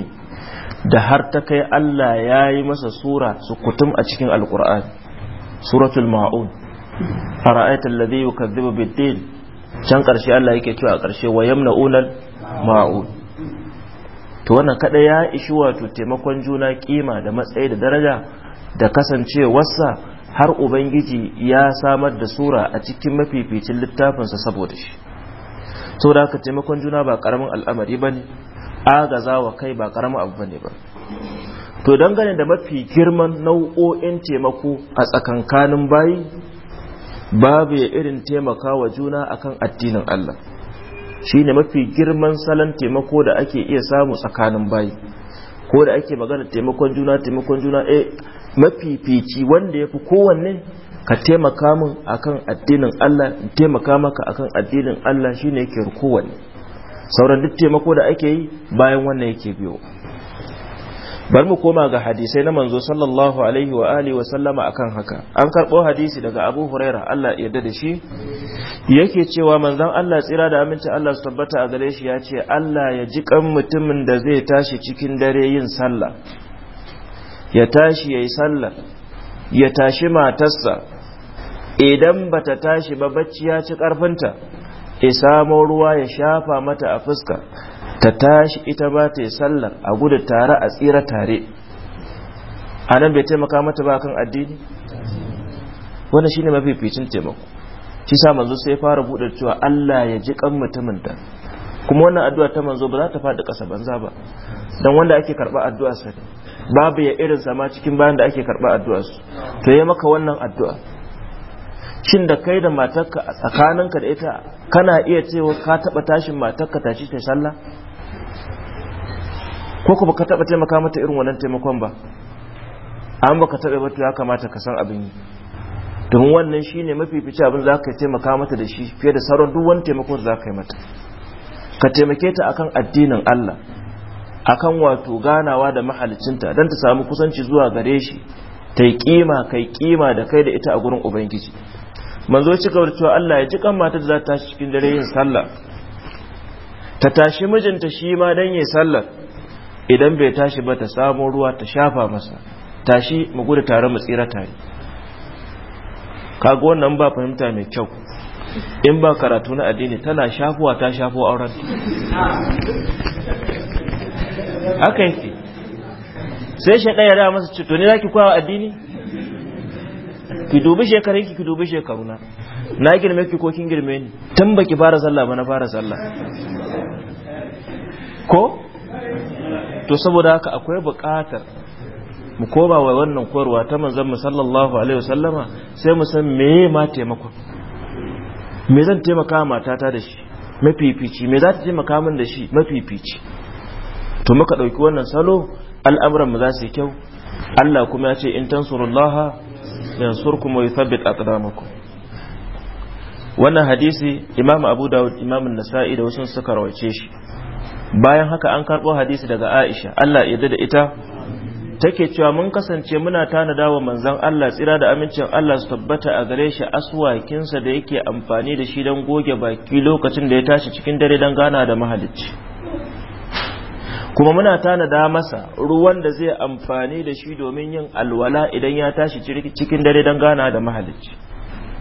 da har ta kai Allah ya yi masa sura su kutum a cikin alkur'an suratul ma'un a ra'aitar da zai yi biddin can ƙarshe Allah yake cewa a ƙarshe wa yamna unal ma'un to wannan kaɗai ya ishi wato taimakon juna kima da matsayi da daraja da kasancewarsa har ubangiji ya samar da sura a cikin mafificin littafinsa saboda shi to da ka taimakon juna ba karamin al'amari ba ne agaza wa kai ba karamin abu ba ne ba to dangane da mafi girman nau'o'in taimako a tsakankanin bayi babu ya irin taimaka wa juna akan addinin Allah Shi ne mafi girman salon taimako da ake iya samu tsakanin bayi ko da ake magana taimakon juna taimakon juna eh mafifici wanda ya fi kowanne ka taimaka min akan addinin Allah taimaka maka akan addinin Allah shi shine yake kowanne sauran duk taimako da ake yi bayan wannan yake biyo bar mu koma ga hadisai na manzo sallallahu alaihi wa alihi wa sallama akan haka an karbo hadisi daga Abu Huraira Allah ya yarda da shi yake cewa manzon Allah tsira da aminci Allah su tabbata a gare shi ya ce Allah ya ji kan mutumin da zai tashi cikin dare yin sallah ya tashi ya yi sallah ya tashi matarsa idan ba ta tashi ba bacci ya ci ƙarfinta ya samo ruwa ya shafa mata a fuska ta tashi ita ba ta yi sallar a gudu tare a tsira tare a nan bai taimaka mata ba kan addini wani shi ne mafificin taimako shi sa manzo sai fara buɗe cewa Allah ya ji kan mutumin ta kuma wannan addu'a ta manzo ba za ta faɗi ƙasa banza ba don wanda ake karɓa addu'a sani babu ya irin sama cikin bayan da ake karɓa su. to ya maka wannan addu'a shin da kai da matarka a tsakaninka da ita kana iya cewa ka taɓa tashin matarka tashi ta sallah ko kuma ka taɓa taimaka mata irin wannan taimakon ba an baka taɓa ba to ya kamata ka san abin yi domin wannan shine mafifici abin za ka taimaka mata da shi fiye da sauran duk wani taimako za ka yi mata ka taimake ta akan addinin Allah akan wato ganawa da mahalicinta don ta samu kusanci zuwa gare shi ta yi kima kai kima da kai da ita a gurin ubangiji manzo ci gaba cewa Allah ya ji kan matar za ta tashi cikin dare yin sallah ta tashi mijinta shi ma dan yi sallah idan bai tashi ba ta samu ruwa ta shafa masa tashi mu gudu tare mu tsira tare kaga wannan ba fahimta mai kyau in ba karatu na addini tana shafuwa ta shafo auren haka yake sai shi ɗaya da masa cuto to ne zaki kwawa addini ki dubi shekarun ki ki dubi shekaruna na girme ki ko kin girme ni tun baki fara sallah ba na fara sallah ko to saboda haka akwai buƙatar mu koma wa wannan koyarwa ta manzon mu sallallahu alaihi wasallama sai mu san me ma taimakon me zan taimaka matata da shi mafifici me za ta taimaka min da shi mafifici to muka ɗauki wannan salo al'amuran mu za su yi kyau Allah kuma ya ce in tansurullaha yansurkum wa yuthabbit aqdamakum wannan hadisi Imam Abu Dawud Imam Nasa'i da wasu suka rawace shi bayan haka an karɓo hadisi daga Aisha Allah ya da ita take cewa mun kasance muna tanada wa manzon Allah tsira da amincin Allah su tabbata a gare shi aswakinsa da yake amfani da shi don goge baki lokacin da ya tashi cikin dare don gana da mahalicci kuma muna tanada masa ruwan da zai amfani da shi domin yin alwala idan ya tashi cikin dare don gana da mahalicci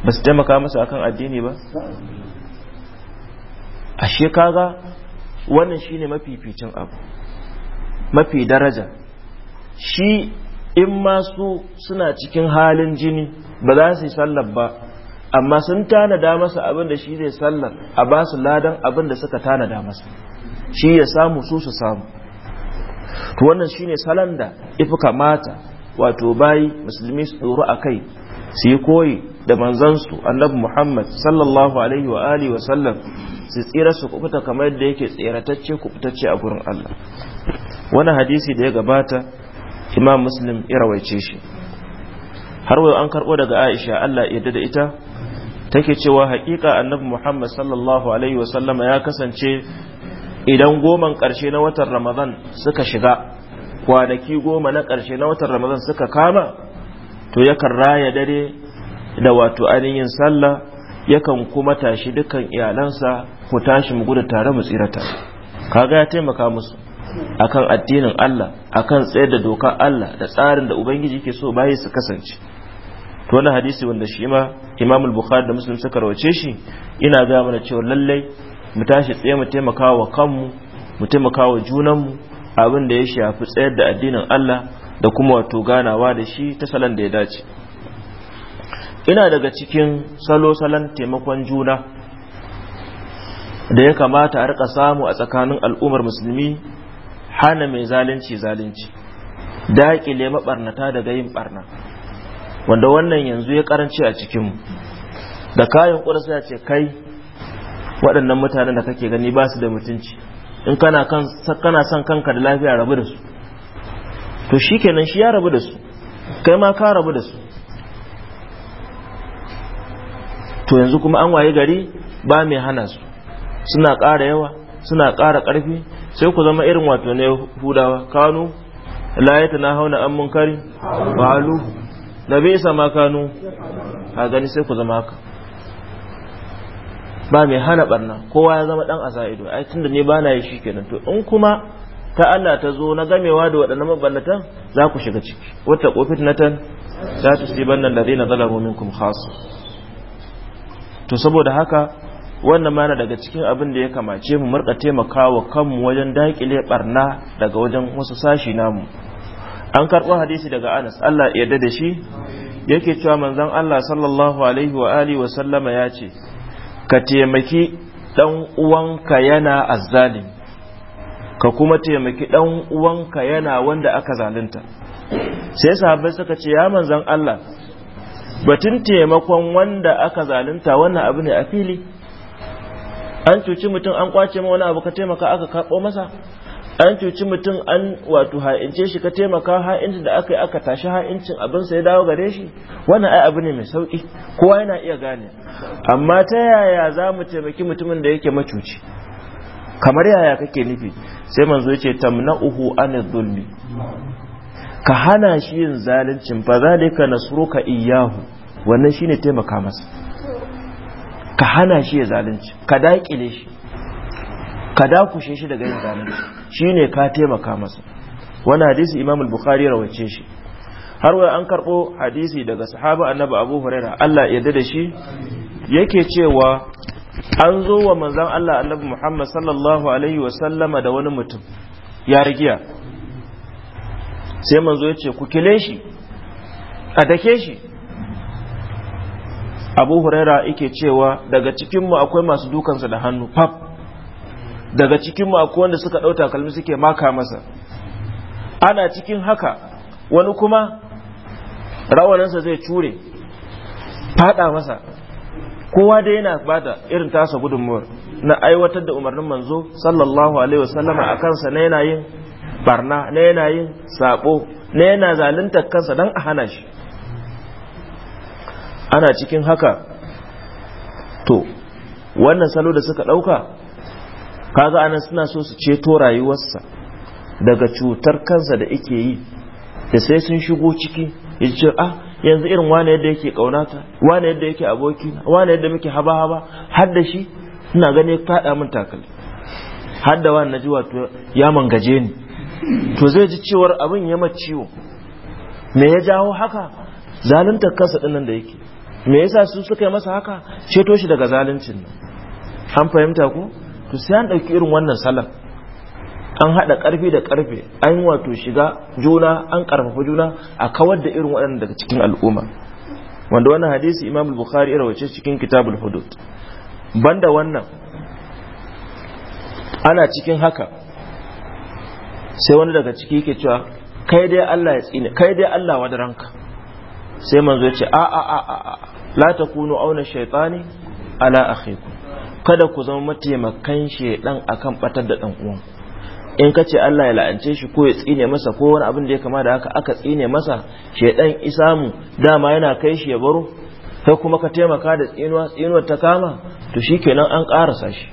ba su taimaka masa akan addini ba A shekara, wannan shi mafi mafificin abu mafi daraja shi in masu suna cikin halin jini ba za su yi sallar ba amma sun tanada masa abin da shi zai sallar a ba su ladan abin da suka tanada masa shi ya samu su su samu to wannan shine salon da ifi kamata wato bayi musulmi su tsoro a kai su yi koyi da manzansu annabi muhammad sallallahu alaihi wa alihi wa sallam su tsira su kubuta kamar yadda yake tsiratacce kubutacce a gurin allah wani hadisi da ya gabata imam muslim ya rawaice shi har wayo an karbo daga aisha allah yadda da ita take cewa haƙiƙa annabi muhammad sallallahu alaihi wa sallama ya kasance idan goman ƙarshe na watan ramadan suka shiga kwanaki goma na ƙarshe na watan ramadan suka kama to yakan raya dare da wato ainihin sallah yakan kuma tashi dukkan iyalansa ku tashi mu gudu tare mu tsirata kaga ya taimaka musu akan addinin Allah akan tsayar da dokar Allah da tsarin da ubangiji ke so bayi su kasance to wani hadisi wanda shi ma Imam al-Bukhari da Muslim suka rawace shi ina ga mana cewa lallai mu tashi tsaye mu taimaka wa kanmu mu taimaka wa junanmu abin da ya shafi tsayar da addinin Allah da kuma wato ganawa da shi ta salon da ya dace ina daga cikin salo salon taimakon juna da ya kamata a rika samu a tsakanin al'ummar musulmi hana mai zalunci zalunci daƙile maɓarnata daga yin ɓarna wanda wannan yanzu ya ƙaranci a cikinmu da kayan ƙura sai ce kai waɗannan mutanen da kake gani ba su da mutunci in kana son kanka da lafiya rabu da su to shikenan shi ya rabu da su kai ma ka rabu da su to yanzu kuma an waye gari ba mai hana su suna ƙara yawa suna ƙara ƙarfi sai ku zama irin wato ne hudawa kanu na na hauna an munkari ba na bai isa ma kanu a gani sai ku zama haka ba mai hana barna kowa ya zama dan asa ido ai tunda ne bana yi shikenan to in kuma ta Allah ta zo na gamewa da waɗannan mabannatan za ku shiga ciki wata kofit tan za ta sai bannan da zina zalamu minkum khas to saboda haka wannan ma mana daga cikin abin da ya kamace mu murka taimakawa kanmu wajen daƙile barna daga wajen wasu sashi namu an karɓo hadisi daga Anas Allah ya da shi yake cewa manzon Allah sallallahu alaihi wa alihi wa sallama ya ce ka taimaki ɗan uwanka yana azzali ka kuma taimaki ɗan uwanka yana wanda aka zalunta sai sahabbai suka ce ya manzan Allah batun taimakon wanda aka zalunta wannan abu ne a fili an cuci mutum an kwace ma wani abu ka taimaka aka karɓo masa an cuci mutum an wato ha'ince shi ka taimaka ha'incin da aka yi aka tashi ha'incin abin ya dawo gare shi wannan ai abu ne mai sauki kowa yana iya gane amma ta yaya za mu taimaki mutumin da yake macuci kamar yaya kake nufi sai manzo ce tamna'uhu anil zulmi ka hana shi yin zaluncin fa zalika nasruka iyyahu wannan shine taimaka masa ka hana shi ya zalunci ka dakile shi ka dakushe shi daga yin zalunci ne ka taimaka masa wani hadisi imam al-bukhari rawace shi har wai an karbo hadisi daga sahaba annabi abu huraira Allah ya da shi yake cewa an zo wa manzon Allah annabi Muhammad sallallahu alaihi wa sallama da wani mutum ya rigiya sai manzo ya ce ku kile shi a dake shi abu huraira yake cewa daga cikinmu akwai masu dukansa da hannu fab daga cikin mako wanda suka ɗauta kalmi suke maka masa ana cikin haka wani kuma rawaninsa zai cure fada masa kowa dai yana bada irin tasa gudunmuwar na aiwatar da umarnin manzo sallallahu alaihi wasallama a kansa na yanayin barna na yanayin sabo na yana zaluntar kansa don a hana shi ana cikin haka to wannan salo da suka ɗauka kaga anan suna so su ceto rayuwarsa daga cutar kansa da ike yi da sai sun shigo ciki ya ce ah yanzu irin wane yadda yake kaunata wane yadda yake aboki wane yadda muke haba haba har da shi suna gani ya fada min takali har da wani naji wato ya mangaje ni to zai ji cewar abin ya maciwo me ya jawo haka zaluntar kansa dinnan da yake me yasa su suka yi masa haka ceto shi daga zaluncin nan an fahimta ko to sai an ɗauki irin wannan salon an haɗa ƙarfi da ƙarfe an yi wato shiga juna an ƙarfafa juna a kawar da irin waɗanda daga cikin al'umma wanda wannan hadisi imam bukhari rawace cikin kitabul hudud banda wannan ana cikin haka sai wani daga ciki ke cewa kai dai Allah ya tsine kai dai Allah ranka sai manzo ya ce a a a a la takunu auna shaytani ala akhikum kada ku zama mataimakan shedan akan batar da dan uwan in kace Allah ya la'ance shi ko ya tsine masa ko wani abin da ya kama da haka aka tsine masa shedan isamu dama yana kai shi ya baro sai kuma ka taimaka da tsinuwa tsinuwar ta kama to shikenan an karasa shi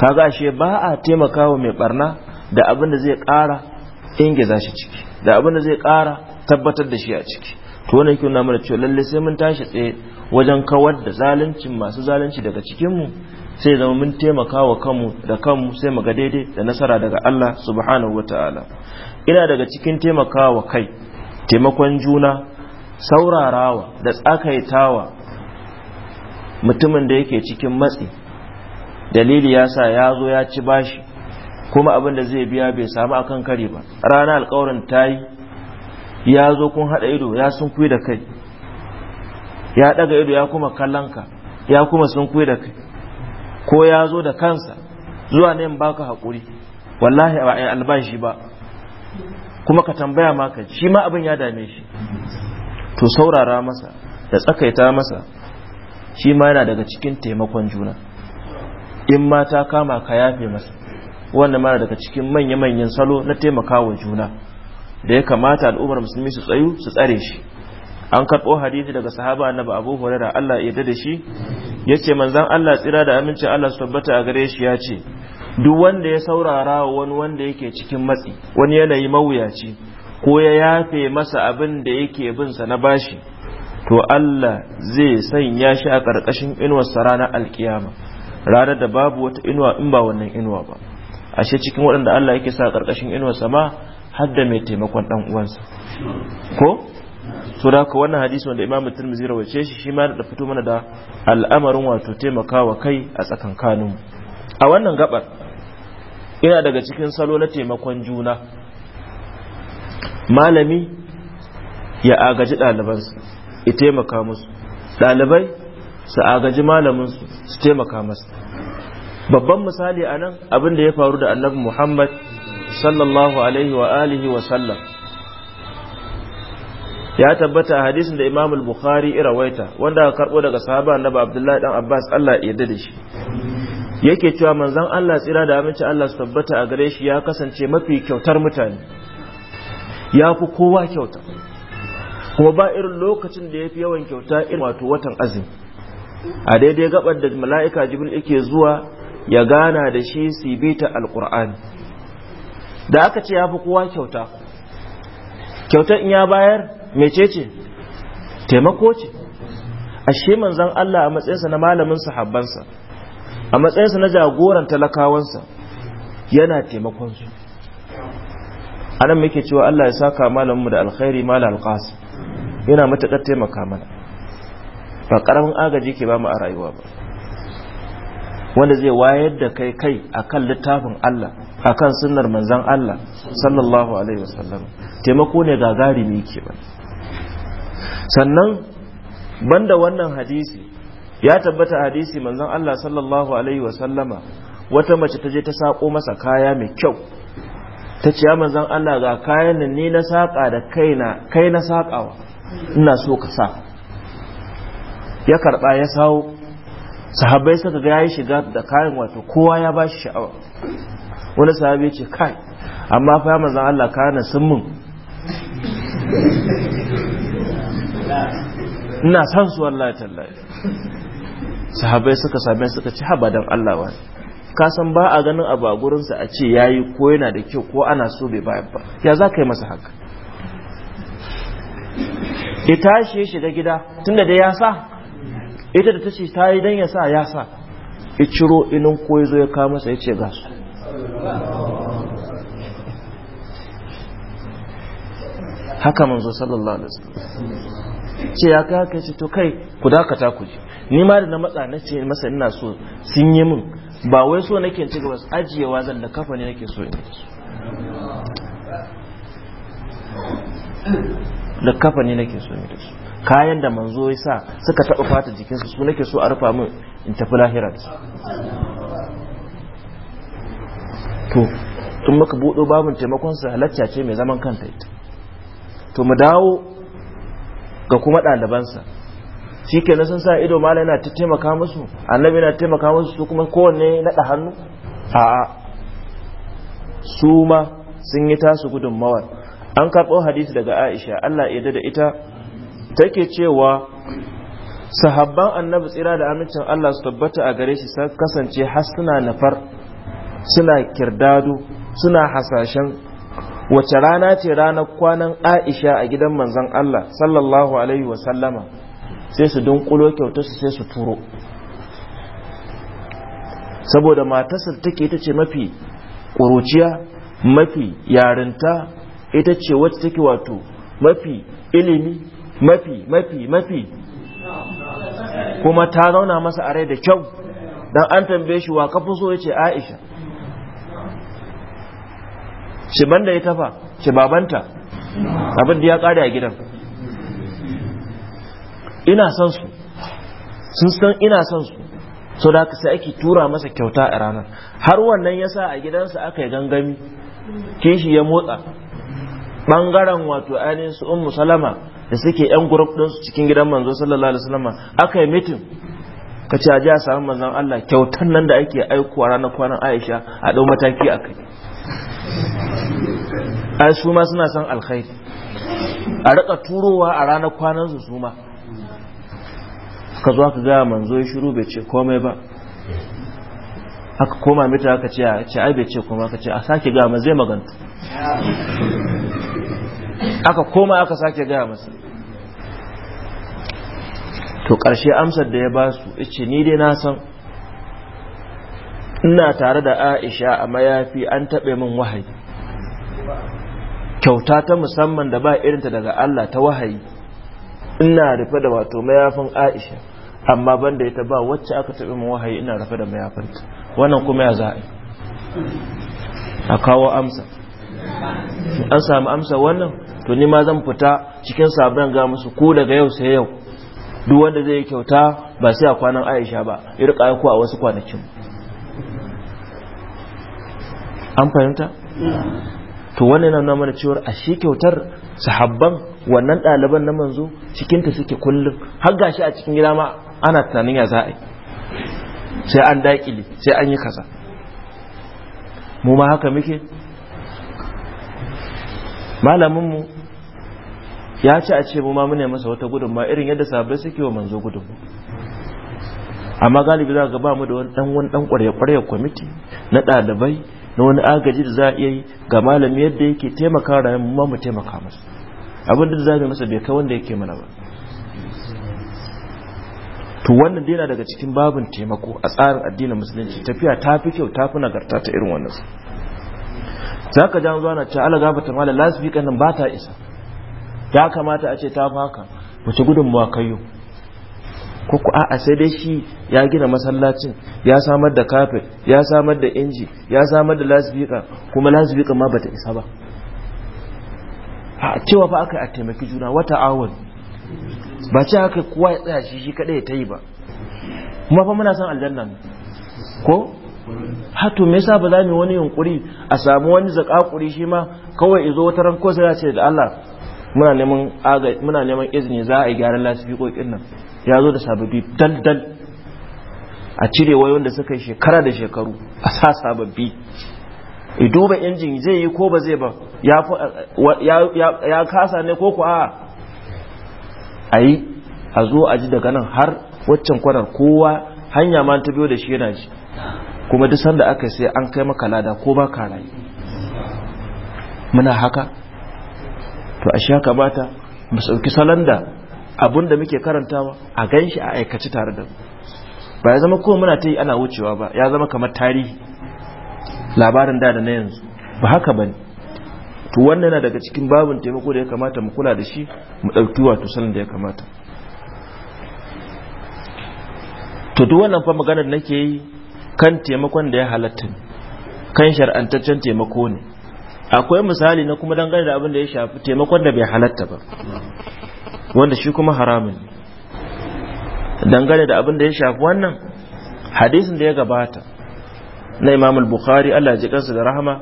kaga shi ba a taimakawa mai barna da abin da zai kara ingiza shi ciki da abin da zai kara tabbatar da shi a ciki to wannan yake nuna mana cewa lalle sai mun tashi tsaye wajen kawar da zaluncin masu zalunci daga cikin mu sai zama mun taimaka wa kanmu da kanmu sai mu ga daidai da nasara daga Allah subhanahu wataala ina daga cikin taimaka wa kai taimakon juna saurarawa da tsakaitawa mutumin da yake cikin matsi dalili ya sa ya zo ya ci bashi kuma abin da zai biya bai samu akan kare ba rana alkawarin ta yi ya zo kun haɗa ido ya sun da kai ya ɗaga ido ya kuma kallonka ya kuma sun da kai ko ya zo da kansa zuwa ne ba ka haƙuri wallahi ba a albashi ba kuma ka tambaya maka shi ma abin ya dame shi to saurara masa da tsakaita masa shi ma yana daga cikin taimakon juna in ma ta kama ka yafe masa wannan ma daga cikin manya-manyan salo na taimakawa juna da ya kamata al'ummar musulmi su tsayu su tsare shi an karɓo hadisi daga sahaba annabi abu hurairah Allah ya da shi yace manzon Allah tsira da amincin Allah su tabbata a gare shi ya ce duk wanda ya saurara wa wani wanda yake cikin matsi wani yanayi mawuyaci ko ya yafe masa abin da yake bin sa na bashi to Allah zai sanya shi a ƙarƙashin inuwarsa ranar alkiyama ranar da babu wata inuwa in ba wannan inuwa ba ashe cikin waɗanda Allah yake sa ƙarƙashin inuwar sama. har mai taimakon dan uwansa ko so da wannan hadisi wanda imam tirmidhi rawace shi shi ma da fito mana da al'amarin wato taimakawa kai a kanun a wannan gabar ina daga cikin salo na taimakon juna malami ya agaji ɗalibansu ya taimaka musu ɗalibai su agaji malaminsu su taimaka musu babban misali a nan abin da ya faru da annabi muhammad sallallahu alaihi wa alihi wa sallam ya tabbata a hadisin da Imam al-Bukhari irawaita wanda aka karbo daga sahaba Annabi Abdullahi dan Abbas Allah ya yarda da shi yake cewa manzon Allah tsira da aminci Allah su tabbata a gare shi ya kasance mafi kyautar mutane ya fi kowa kyauta kuma ba irin lokacin da ya fi yawan kyauta irin wato watan azumi a daidai gabar da mala'ika jibril yake zuwa ya gana da shi sibita alqur'ani da aka ce ya fi kowa kyauta kyauta in ya bayar mecece taimako ce ashe manzan Allah a matsayinsa na malamin sahabbansa a matsayinsa na jagoran talakawansa yana taimakon su anan muke cewa Allah ya saka malaminmu da alkhairi malam alqasim yana matakar taimaka mana ba karamin agaji ke ba mu a rayuwa ba wanda zai wayar da kai kai akan littafin Allah akan sunnar manzan Allah sallallahu alaihi wasallam taimako ne ne ke ba sannan banda wannan hadisi ya tabbata hadisi manzan Allah sallallahu alaihi wasallama wata mace ta je ta sako masa kaya mai kyau ta ciya manzan Allah ga kayan nan ni na saƙa da kai na saƙawa, ina so ka sa ya karɓa ya sawo sahabbai suka ga yayi shiga da kayan wato kowa ya shi sha'awa wani sahabi ce kai amma fa manzan Allah kana sun mun ina san su wallahi tallahi sahabbai suka same suka ci habadan Allah wa ka san ba a ganin abu a gurin sa a ce yayi ko yana da kyau ko ana so bai bayar ba ya za ka yi masa haka ya tashi ya shiga gida tunda da ya sa ita da ta ce ta yi don ya sa ya sa ya ciro inin ko ya zo ya kawo masa ya ce ga su haka manzo sallallahu alaihi wasallam ce ya ga kai ce to kai ku dakata ku ji ni ma da na matsa na ce masa ina so sun yi min ba wai so nake ci gaba ajiyewa zan da kafa ne nake so in da kafa ne nake so in su kayan da manzo ya sa suka taɓa fata jikinsu su nake so a rufa min in tafi lahira da su to tun muka buɗo babin taimakon sa ce mai zaman kanta ita to mu dawo ga kuma ɗalibansa shi ke sun sa ido mala yana ta taimaka musu annabi yana taimaka musu su kuma kowanne naɗa hannu a'a su ma sun yi tasu mawar an karɓo hadisi daga aisha allah ya da ita take cewa sahabban annabi tsira da amincin allah su tabbata a gare shi kasance hasuna nafar suna kirdado suna hasashen wace rana ce ranar kwanan aisha a gidan manzon Allah sallallahu alaihi wasallama sai su dunkulo kyauta su sai su turo saboda matasar take ita ce mafi ƙuruciya mafi yarinta ita ce wacce take wato mafi ilimi mafi mafi mafi kuma ta zauna masa a rai da kyau don an tambaye shi wa kafin so ce aisha shi banda ya tafa shi babanta abin da ya kare a gidan ina son su sun san ina son su so da sai ake tura masa kyauta a ranar har wannan ya sa a gidansa aka yi gangami kishi ya motsa bangaren wato ainihin su ummu salama da suke yan gurup din su cikin gidan manzo sallallahu alaihi wasallam aka yi mitin ka ci a a samun manzon Allah kyautan nan da ake aikowa ranar kwanan Aisha a ɗau mataki a kai. ai su ma suna son alkhairi a rika turowa a ranar kwanansu su ma ka zo aka gaya manzo ya shiru bai ce komai ba aka koma mita aka ce ce ai bai ce kuma aka ce a sake gaya zai maganta aka koma aka sake gaya masa to ƙarshe amsar da ya ba su ce ni dai na san ina tare da aisha a mayafi an taɓe min wahayi kyauta ta musamman da ba irinta daga Allah ta wahayi ina rufe da wato mayafin Aisha amma banda ita ba wacce aka taɓa min wahayi ina rufe da mayafinta wannan kuma ya za'a a kawo amsa an samu amsa wannan to ni ma zan fita cikin sabon ga musu ko daga yau sai yau duk wanda zai yi kyauta ba sai a kwanan Aisha ba ya rika ko a wasu kwanakin an fahimta to wannan na mana cewar a shi kyautar sahabban wannan ɗaliban na manzo cikinta suke kullum har gashi a cikin gida ma ana tunanin ya za a yi sai an daƙili sai an yi kaza mu ma haka muke malaminmu ya ci a ce mu ma muna masa wata gudunma irin yadda sabai suke wa manzo gudunmu amma galibi za ga ba mu da wani ɗan wani ɗan ƙwarya-ƙwarya kwamiti na ɗalibai na wani agaji da za a iya yi ga malami yadda yake taimaka rayuwar mu ma mu taimaka masu, abin da za masa bai kai wanda yake mana ba to wannan dai yana daga cikin babin taimako a tsarin addinin musulunci tafiya ta fi kyau ta fi nagarta ta irin wannan su. za ka ja zuwa na ce ala gaba ta mala lasifika nan ba ta isa ya kamata a ce ta fi haka wace gudunmuwa kayo ko ku a'a sai dai shi ya gina masallacin ya samar da kafet ya samar da inji ya samar da lasbika kuma lasbika ma bata isa ba a cewa fa aka yi a taimaki juna wata awon ba ce aka kuwa ya tsaya shi shi kadai ta yi ba kuma fa muna son aljanna mu ko hato me yasa ba za mu wani yunkuri a samu wani zakakuri shi ma kawai izo wata ran ko sai ya ce da Allah muna neman izini za a yi gyaran lasifikokin nan ya zo da sababbi dal-dal a cire wai da suka yi shekara da shekaru a sa sababbi i duba injin zai yi ko ba zai ba ya kasa ne ko ku a a yi a zo a ji daga nan har waccan kwanar kowa hanya ma ta biyo da shi yana ji kuma duk sanda aka sai an kai maka lada ko ba ka rayu muna haka to a sha kamata mu sauki salon da abun da muke karantawa a gan a aikaci tare da ba ya zama ko muna ta yi ana wucewa ba ya zama kamar tarihi labarin da da na yanzu ba haka ba ne to wannan yana daga cikin babin taimako da ya kamata mu kula da shi mu ɗauki wato sanin da ya kamata to duk wannan fa maganar nake yi kan taimakon da ya halatta kan shar'antaccen taimako ne akwai misali na kuma dangane da abin da ya shafi taimakon da bai halatta ba wanda shi kuma haramun dangane da abin da ya shafi wannan hadisin da ya gabata na imam bukhari Allah ji kansa da rahama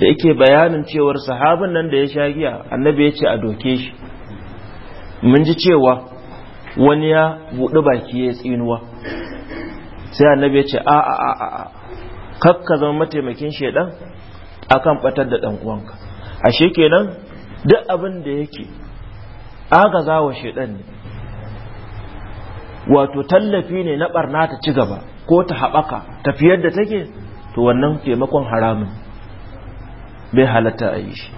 da yake bayanin cewar sahabin nan da ya sha giya annabi ya ce a doke shi mun ji cewa wani ya buɗi baki ya tsinuwa sai annabi ya ce a a a a kakka zama mataimakin shaidan akan batar da dan uwanka ashe kenan duk abin da yake agaza wa shaidan ne wato tallafi ne na barna ta ci gaba ko ta haɓaka tafiyar da take to wannan taimakon haramun bai halatta a yi shi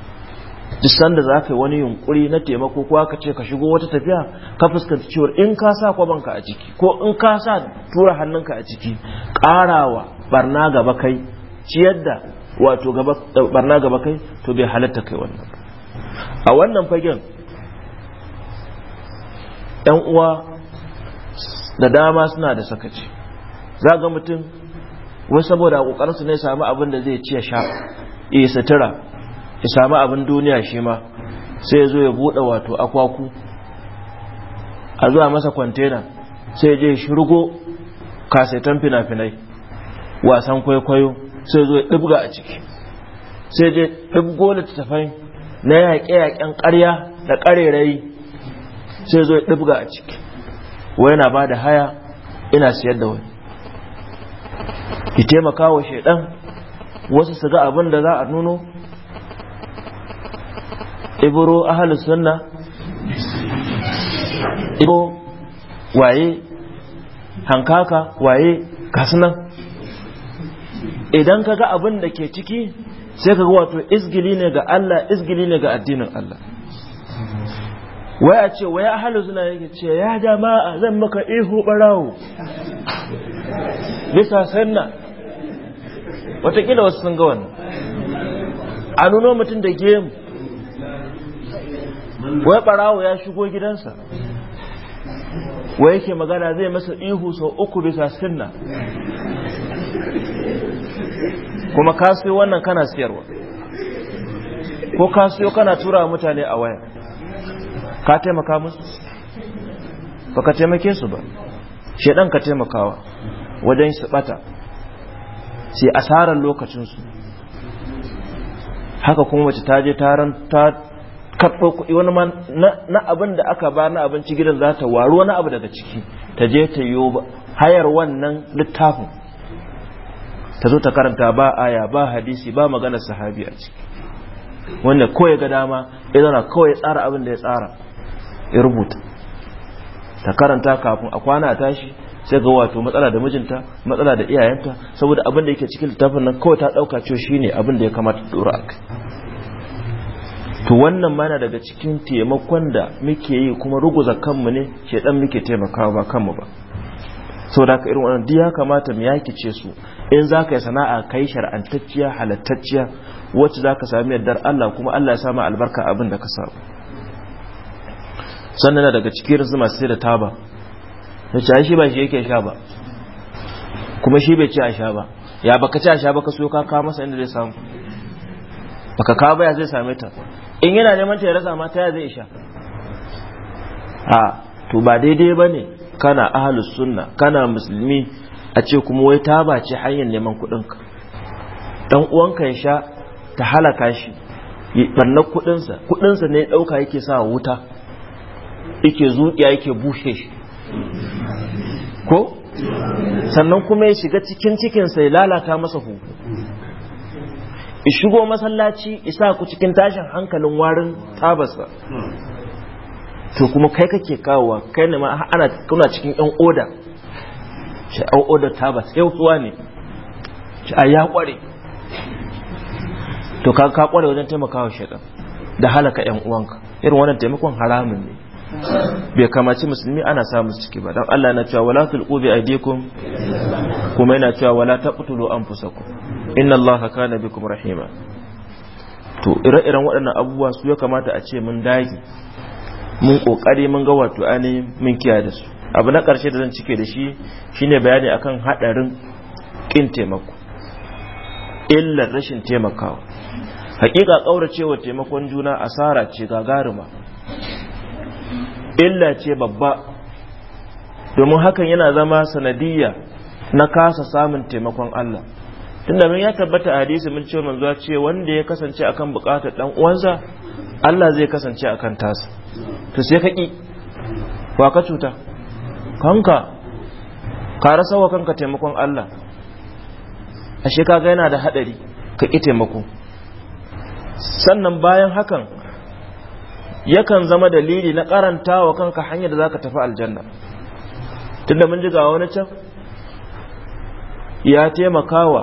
duk sanda za ka yi wani yunkuri na taimako ko aka ce ka shigo wata tafiya ka fuskanta cewar in ka sa kwabanka a ciki ko in ka sa tura hannunka a ciki ƙarawa barna gaba kai ciyar da wato barna gaba kai to bai halatta kai wannan a wannan fagen yan uwa da dama suna da sakaci za ga mutum wai saboda kokarinsu ne samu abin da zai ci ya sha ya sutura ya samu abin duniya shi ma sai ya zo ya buɗe wato akwaku a zuwa masa kwantena sai je shirgo kasetan fina-finai wasan kwaikwayo sai zo ya ɗibga a ciki sai je ɗibgo littattafai na yaƙe-yaƙen ƙarya da ƙarerayi sai zo ya ɗibga a ciki wai yana ba da haya ina siyar da wani ki taimaka wa shaidan wasu su ga abin da za a nuno ibro ahal sunna ibo waye hankaka waye kasnan idan ka ga abin da ke ciki sai ka ga wato izgili ne ga Allah izgili ne ga addinin Allah waya ce waya ahalu suna yake ce ya jama'a zan maka ihu barawo bisa sanna watakila wasu sun ga wannan a nuno mutum da gemu wai barawo ya shigo gidansa wai yake magana zai masa ihu sau uku bisa sanna kuma kasu wannan kana siyarwa ko kasiyo kana tura mutane a waya ka taimaka musu ba ka taimake su ba shaidan ka taimakawa wajen su bata sai asarar lokacinsu haka kuma mace ta je taron ta karɓo kuɗi wani ma na abin da aka ba na abinci gidan za ta waru wani abu daga ciki ta je ta yi hayar wannan littafin ta zo ta karanta ba aya ba hadisi ba maganar sahabi a ciki wanda kawai ga dama idana kawai ya tsara abin da ya tsara ya rubuta ta karanta kafin a kwana a tashi sai ga wato matsala da mijinta matsala da iyayenta saboda abin da yake cikin littafin nan kawai ta dauka cewa shine abin da ya kamata ta dora akai to wannan mana daga cikin taimakon da muke yi kuma ruguza kanmu ne dan muke taimakawa ba kanmu ba saboda ka irin wannan diya kamata mu yakice su in zaka yi sana'a kai shar'antacciya halattacciya wacce zaka sami yardar Allah kuma Allah ya sa albarka abin da ka samu sannan na daga cikin rinsu masu sai da taba ya ce shi ba shi yake sha ba kuma shi bai ci a sha ba ya baka ci a sha ba ka so ka kawo masa inda zai samu baka kawo ba ya zai same ta in yana neman ta ya rasa mata ya zai sha a to ba daidai ba ne kana ahalus sunna kana musulmi a ce kuma wai taba ce hanyar neman kuɗinka dan uwan ya sha ta halaka shi ɓarnar kuɗinsa kuɗinsa ne ɗauka yake sa wuta yake zuƙiya yake bushe shi ko sannan kuma ya shiga cikin sa ya lalata masa huhu shigo masallaci isa ku cikin tashin hankalin warin tabarsa to kuma kai kake kawowa kai ne ma ana kuna cikin yan oda shi an oda tabas yau tsuwa ne shi a ya kware to ka ka kware wajen taimakawa shaidan da halaka yan uwanka irin wannan taimakon haramun ne bai kamaci musulmi ana samun ciki ba don Allah na cewa wala tulqu bi aydikum kuma yana cewa wala taqtulu anfusakum inna Allaha kana bikum rahima to ire-iren waɗannan abubuwa su ya kamata a ce mun dage mun kokari mun ga wato ani mun kiya da su abu na ƙarshe da zan cike da shi shine bayani akan hadarin kin taimako illar rashin taimakawa hakika kauracewa taimakon juna asara ce gagaruma illa ce babba domin hakan yana zama sanadiyya na kasa samun taimakon Allah tunda mun ya tabbata a hadisi mun cewa manzo ce wanda ya kasance akan bukatar dan uwansa Allah zai kasance akan tasa to sai ka ki wa ka cuta kanka ka rasa wa kanka taimakon Allah ashe kaga yana da hadari ka ki taimako sannan bayan hakan yakan zama dalili na karanta wa kanka hanyar da za ka tafi aljanna tunda mun ji ga wani can ya taimakawa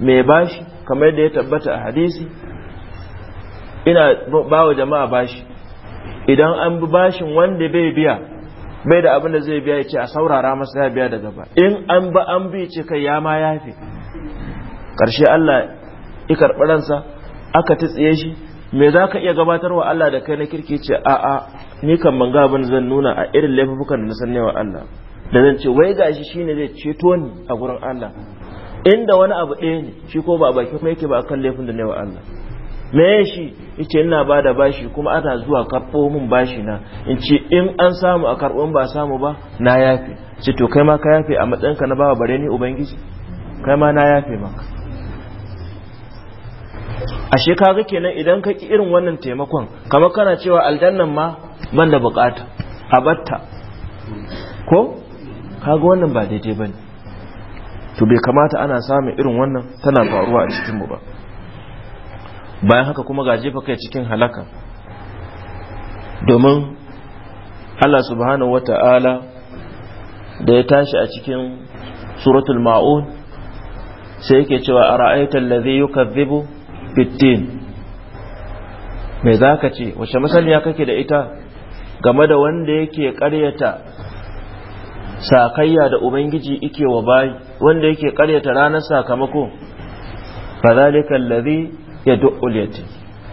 mai bashi kamar da ya tabbata a hadisi ina ba wa jama'a bashi idan an bi bashin wanda bai biya bai da abin da zai biya ya ce a saurara masa ya biya da gaba. in an ba an bi ce kai ya ma yafe ƙarshe Allah ya karɓi ransa aka tsiye shi me za ka iya gabatar wa Allah da kai na kirki ce a'a ni kan ban ga abin zan nuna a irin laifukan da na san wa Allah da zan ce wai gashi shine zai ceto ni a gurin Allah inda wani abu ɗaya ne shi ko ba a baki kuma yake ba akan laifin da wa Allah me shi yace ina ba da bashi kuma ana zuwa karɓo min bashi na in ce in an samu a karɓo ba samu ba na yafe ce to kai ma ka yafe a matsayinka na bawa bare ni ubangiji kai ma na yafe maka ashe kaga kenan idan ka ki irin wannan taimakon kamar kana cewa aljannan ma ban da bukata a batta ko kaga wannan ba daidai ba ne? to bai kamata ana samun irin wannan tana faruwa a cikinmu ba bayan haka kuma ga jefa kai cikin halaka domin Allah subhanahu ta'ala da ya tashi a cikin suratul ma'un sai yake cewa a ara'aita allazi yukazzibu fitin me za ka ce wace masaniya kake da ita game da wanda yake karyata sakayya da ubangiji ike wa bayi wanda yake karyata ranar sakamako fa zalika allazi ya yatim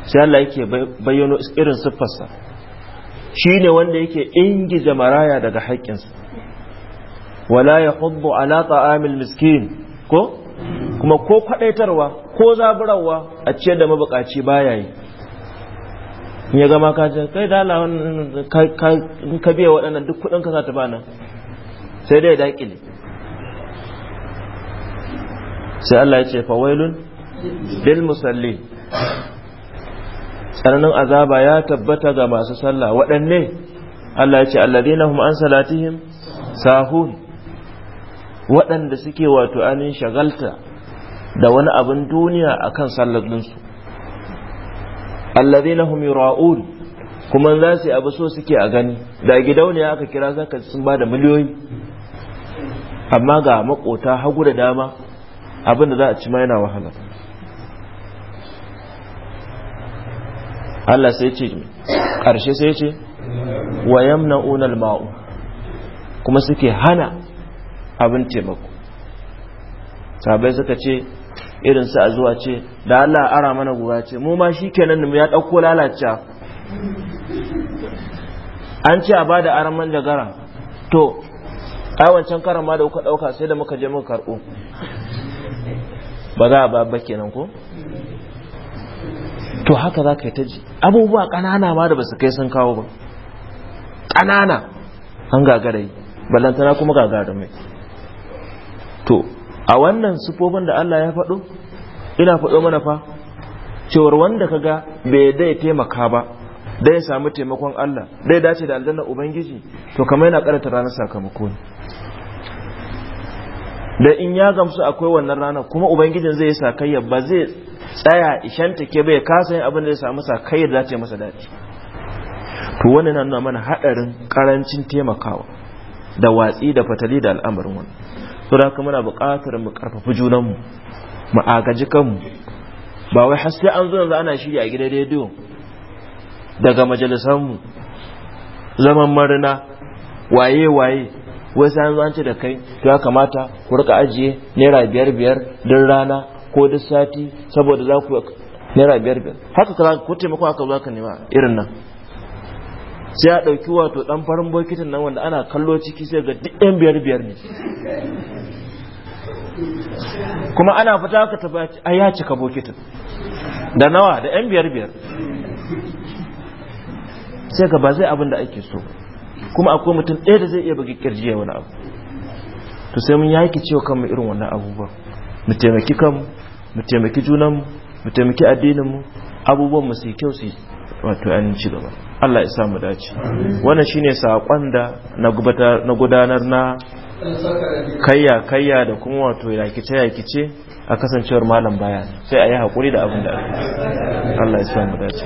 sai Allah yake bayyano irin siffarsa Shi ne wanda yake ingi maraya daga haƙƙinsa wala ya hudu ala ta'amil miskin ko kuma ko kwadaitarwa ko zaburarwa a ciyar da mabukaci baya yi in ya gama kaji kai dala wannan ka biya waɗannan duk kuɗin ka za ta bana sai dai daƙile sai Allah ya ce fawailun bil musalli tsananin azaba ya tabbata ga masu sallah waɗanne Allah ya ce alladina hum an salatihim sahun waɗanda suke wato anin shagalta da wani abin duniya akan sallalinsu allazina hum yura'un kuma za su abu so suke a gani da gidauniya aka kira zaka sun ba miliyoyi amma ga makota hagu da dama abin za a ci ma yana wahala Allah sai ce ƙarshe sai ce wa yamna'una mau kuma suke hana abin taimako sabai suka ce irin su a zuwa ce da Allah ara mana guga ce mu ma shi kenan mu ya ɗauko lalacewa an ce a ba da aran manjagara to ai wancan karan ma da kuka ɗauka sai da muka je muka karɓo ba za a ba ba kenan ko to haka za ka yi ta abubuwa ƙanana ma da ba su kai sun kawo ba ƙanana an gagarai ballantana kuma gagarumai to a wannan sufofin da Allah ya faɗo ina faɗo mana fa cewar wanda kaga bai dai taimaka ba dai ya samu taimakon Allah dai dace da aljanna ubangiji to kamar yana karanta ranar sakamako ne da in ya gamsu akwai wannan rana kuma ubangijin zai yi sakayya ba zai tsaya ishanta ke bai kasa yin abin da zai samu sakayyar da ta masa daɗi to wannan na nuna mana haɗarin ƙarancin taimakawa da watsi da fatali da al'amarin wannan to da muna buƙatar mu ƙarfafi junanmu mu agaji kanmu ba wai har sai an zo yanzu ana shirya a gidan rediyo daga majalisanmu zaman marina waye waye wai sai an zo an ce da kai to ya kamata ku rika ajiye naira biyar biyar din rana ko duk sati saboda za ku naira biyar biyar haka ka ko taimako haka za ka nema irin nan sai a ɗauki wato ɗan farin bokitin nan wanda ana kallo ciki sai ga duk ɗan biyar biyar ne kuma ana fita ka tafi a ya cika bokitin da nawa da ɗan biyar biyar sai ga ba zai abin da ake so kuma akwai mutum ɗaya da zai iya bugi kirji ya wani abu to sai mun yaki cewa kanmu irin wannan abubuwan mu taimaki kanmu mu taimaki junanmu mu taimaki addininmu abubuwan mu sai kyau sai wato an ci gaba Allah ya samu dace wannan shine sakon da na gudanar na kayya kayya da kuma wato yakice yakice a kasancewar malam baya sai a yi haƙuri da abin da Allah ya samu dace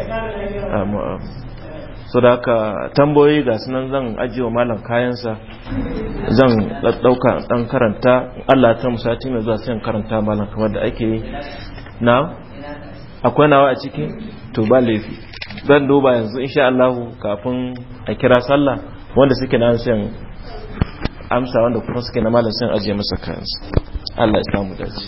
so da haka tambayoyi ga sunan zan ajiye wa malam kayansa zan ɗauka ɗan karanta Allah ta musati mai zuwa sai karanta malam kamar da ake yi na akwai nawa a cikin to ba laifi zan duba yanzu insha Allah kafin a kira sallah wanda suke na san amsa wanda kuma suke na malam sun ajiye masa kansu Allah ya samu dace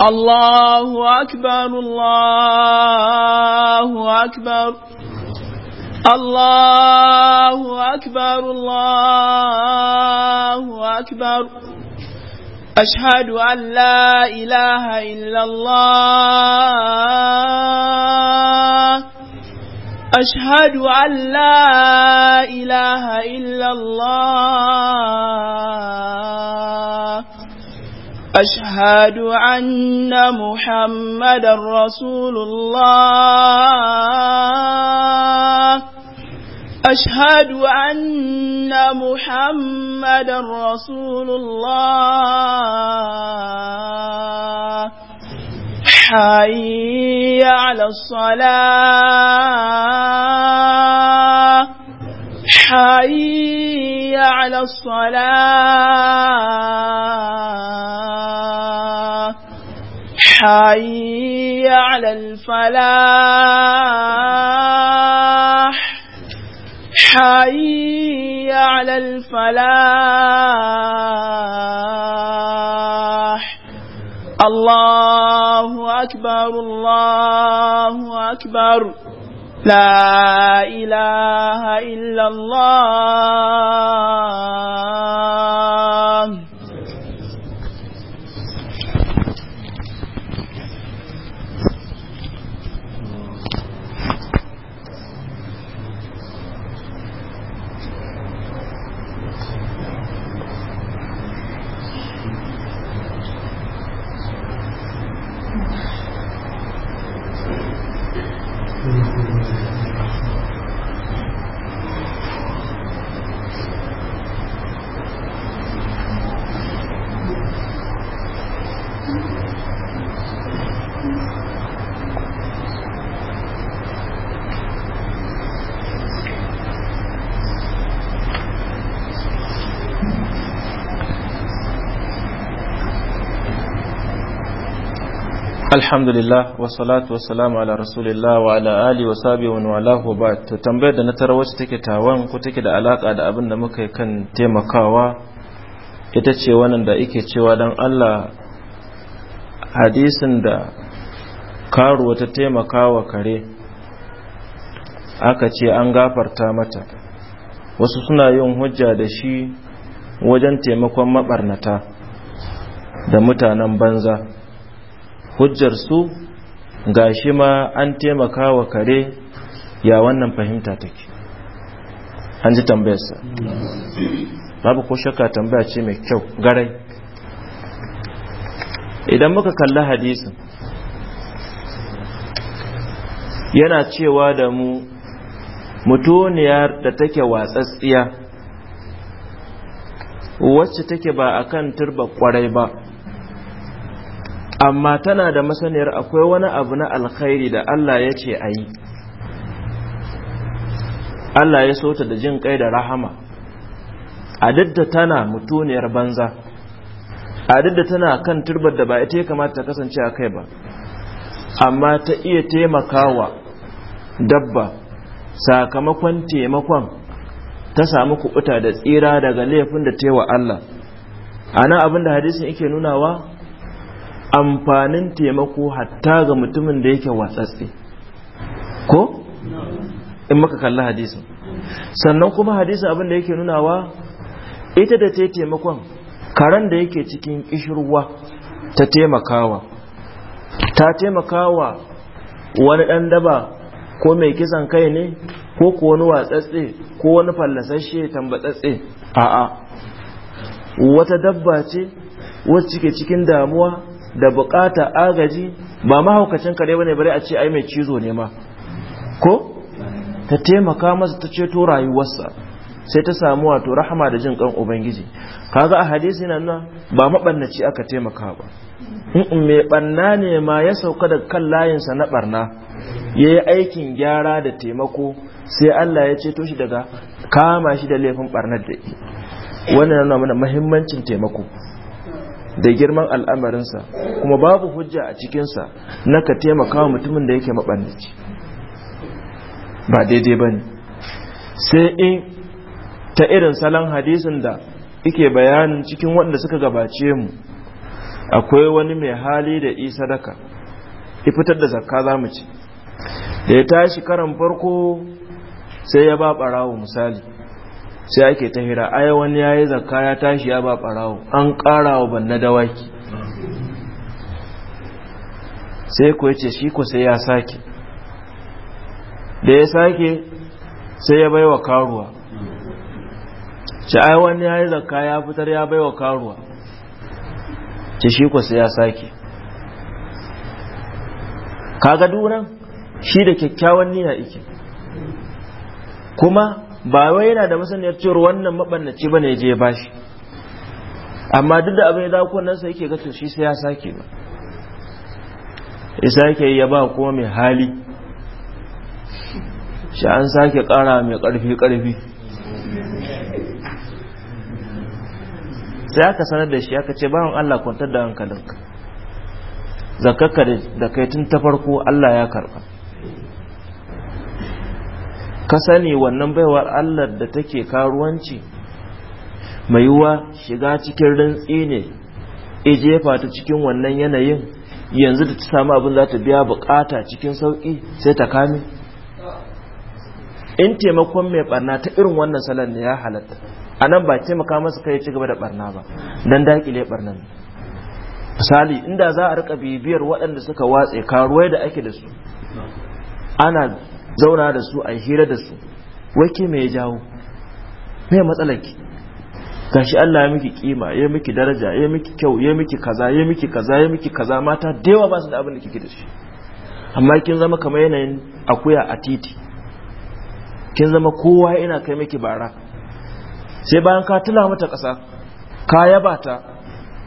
Allahu akbar Allahu akbar الله أكبر الله أكبر أشهد أن لا إله إلا الله أشهد أن لا إله إلا الله أشهد أن محمد رسول الله أشهد أن محمد رسول الله حي على الصلاة حي على الصلاة حي على الفلاح حي على الفلاح الله أكبر الله أكبر لا إله إلا الله alhamdulillah wa salatu wa salamu ala rasulillah wa ala ali wa sabi wa walahu ba tambayar da na tara wacce take tawan ko take da alaka da abin da muka yi kan taimakawa ita ce wannan da ike cewa dan Allah hadisin da karuwa ta taimakawa kare aka ce an gafarta mata wasu suna yin hujja da shi wajen taimakon mabarnata da mutanen banza hujjar su shi ma an taimaka wa kare ya wannan fahimta take an ji tambayarsa babu ko shakka tambaya ce mai kyau garai idan muka kalli hadisin yana cewa da mu mutuniyar da take watsatsiya wacce take ba akan turba kwarai ba amma tana da masaniyar akwai wani abu na alkhairi da Allah ya ce a yi Allah ya so da jin kai da rahama a duk tana mutuniyar banza a duk tana kan turbar da ba ita ya kamata ta kasance a kai ba amma ta iya taimakawa dabba sakamakon taimakon ta samu kubuta da tsira daga laifin da ta Allah a nan abin da hadisin yake nunawa amfanin taimako hatta ga mutumin da yake watsatse ko in maka kalli hadisin sannan kuma hadisin abin da yake nunawa ita da ta taimakon karen da yake cikin kishirwa ta taimakawa ta taimakawa wani ɗan daba ko mai kisan kai ne ko ko wani watsatse ko wani fallasasshe tambatsatse a'a wata dabba ce wacce ke cikin damuwa da bukata agaji ba mahaukacin kare bane bare a ce ai mai cizo ne ma ko ta taimaka masa ta ceto rayuwarsa sai ta samu wato rahama da jin kan ubangiji kaga a hadisi nan nan ba mabannaci aka taimaka ba in mai banna ne ma ya sauka da kan layin sa na barna yayi aikin gyara da taimako sai Allah ya ceto shi daga kama shi da laifin barnar da wannan yana mana muhimmancin taimako da girman al'amarinsa kuma babu hujja a cikinsa na ka taimaka wa mutumin da yake maɓannaci ba daidai ba ne sai in ta irin salon hadisin da ike bayanin cikin wanda suka gabace mu akwai wani mai hali da isa sadaka Ifitar fitar da zakka za mu ce. da ya tashi karan farko sai ya ba ɓarawo misali sai ake ta hira ai wani ya yi zakka ya tashi ya ba ɓarawo an ƙara wa banna dawaki sai ku ce shi ku sai ya sake da ya sake sai ya baiwa karuwa ce ai wani ya yi zakka ya fitar ya baiwa karuwa ce shi ku sai ya sake kaga duran shi da kyakkyawan niyya ike kuma ba wai yana da masaniyar cewar wannan mabannaci bane je ya bashi amma duk da abin ya dawo nan sa yake ga to shi sai ya sake ba ya sake ya ba kuma mai hali shi an sake kara mai karfi karfi sai aka sanar da shi aka ce bawan Allah kwantar da hankalinka zakakka da kai tun ta farko Allah ya karba ka sani wannan baiwar Allah da take karuwanci mai yiwuwa shiga cikin rintsi ne jefa ta cikin wannan yanayin yanzu da ta samu abin za ta biya bukata cikin sauki sai ta kame in taimakon mai barna ta irin wannan salon da ya halatta a nan ba taimaka masa kai ci gaba da barna ba don dakile barnan misali inda za a rika bibiyar waɗanda suka watse karuwai da ake da su ana zauna da su a hira da su wake mai jawo mai matsalaki shi Allah ya miki kima ya miki daraja ya miki kyau ya miki kaza ya miki kaza ya miki kaza mata da yawa ba su da abin da kike da shi amma kin zama kamar yanayin akuya a titi kin zama kowa yana kai miki bara sai bayan ka tula mata kasa ka yaba ta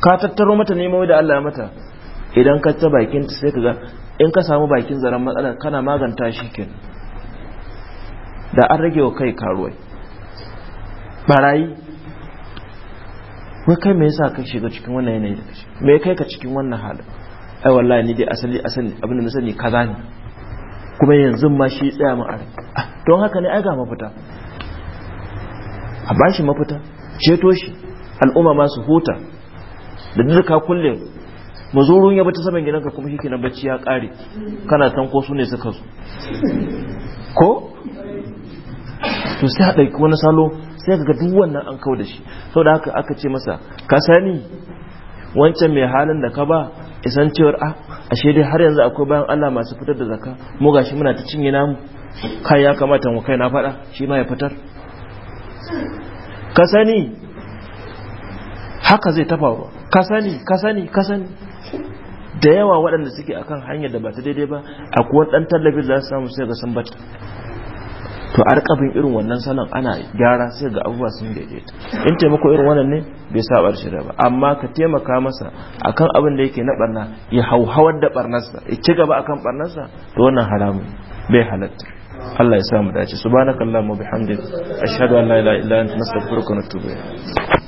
ka tattaro mata nemo da Allah ya mata idan ka ta bakin ta sai ka ga in ka samu bakin zaren matsalar kana maganta shi kenan da an rage wa kai karuwai barayi wai kai me yasa ka shiga cikin wannan yanayi da kashi me kai ka cikin wannan halin ai wallahi ni dai asali asali abinda na sani kaza ne kuma yanzu ma shi tsaya mu are ah, don haka ne ai ga mafita a bashi mafita ceto shi al'umma ma su huta da duka kulle mazurun ya bata saman gidanka kuma shi kenan bacci ya kare kana tanko sune su ne suka zo ko to sai haɗa wani salo sai ga duk wannan an kawo da shi sau da haka aka ce masa ka sani wancan mai halin da ka ba isan cewar a ah, ashe dai har yanzu akwai bayan Allah masu fitar da zakka mu gashi muna ta cinye namu kai ya kamata mu kai na faɗa shi ma ya fitar ka sani haka zai tafa ba ka sani ka sani ka sani da yawa waɗanda suke akan hanyar da ba ta daidai ba akwai ɗan tallafi za su samu sai ga sun to a rikabin irin wannan salon ana gyara sai ga abubuwa sun ta in taimako irin wannan ne bai sabar shi da ba amma ka taimaka masa akan abin da yake na barna ya hauhawar da barnarsa ya ci gaba akan barnarsa to wannan haramu bai halatta Allah ya samu dace subhanakallahumma bihamdika ashhadu an la ilaha illa anta nastaghfiruka wa natubu ilayk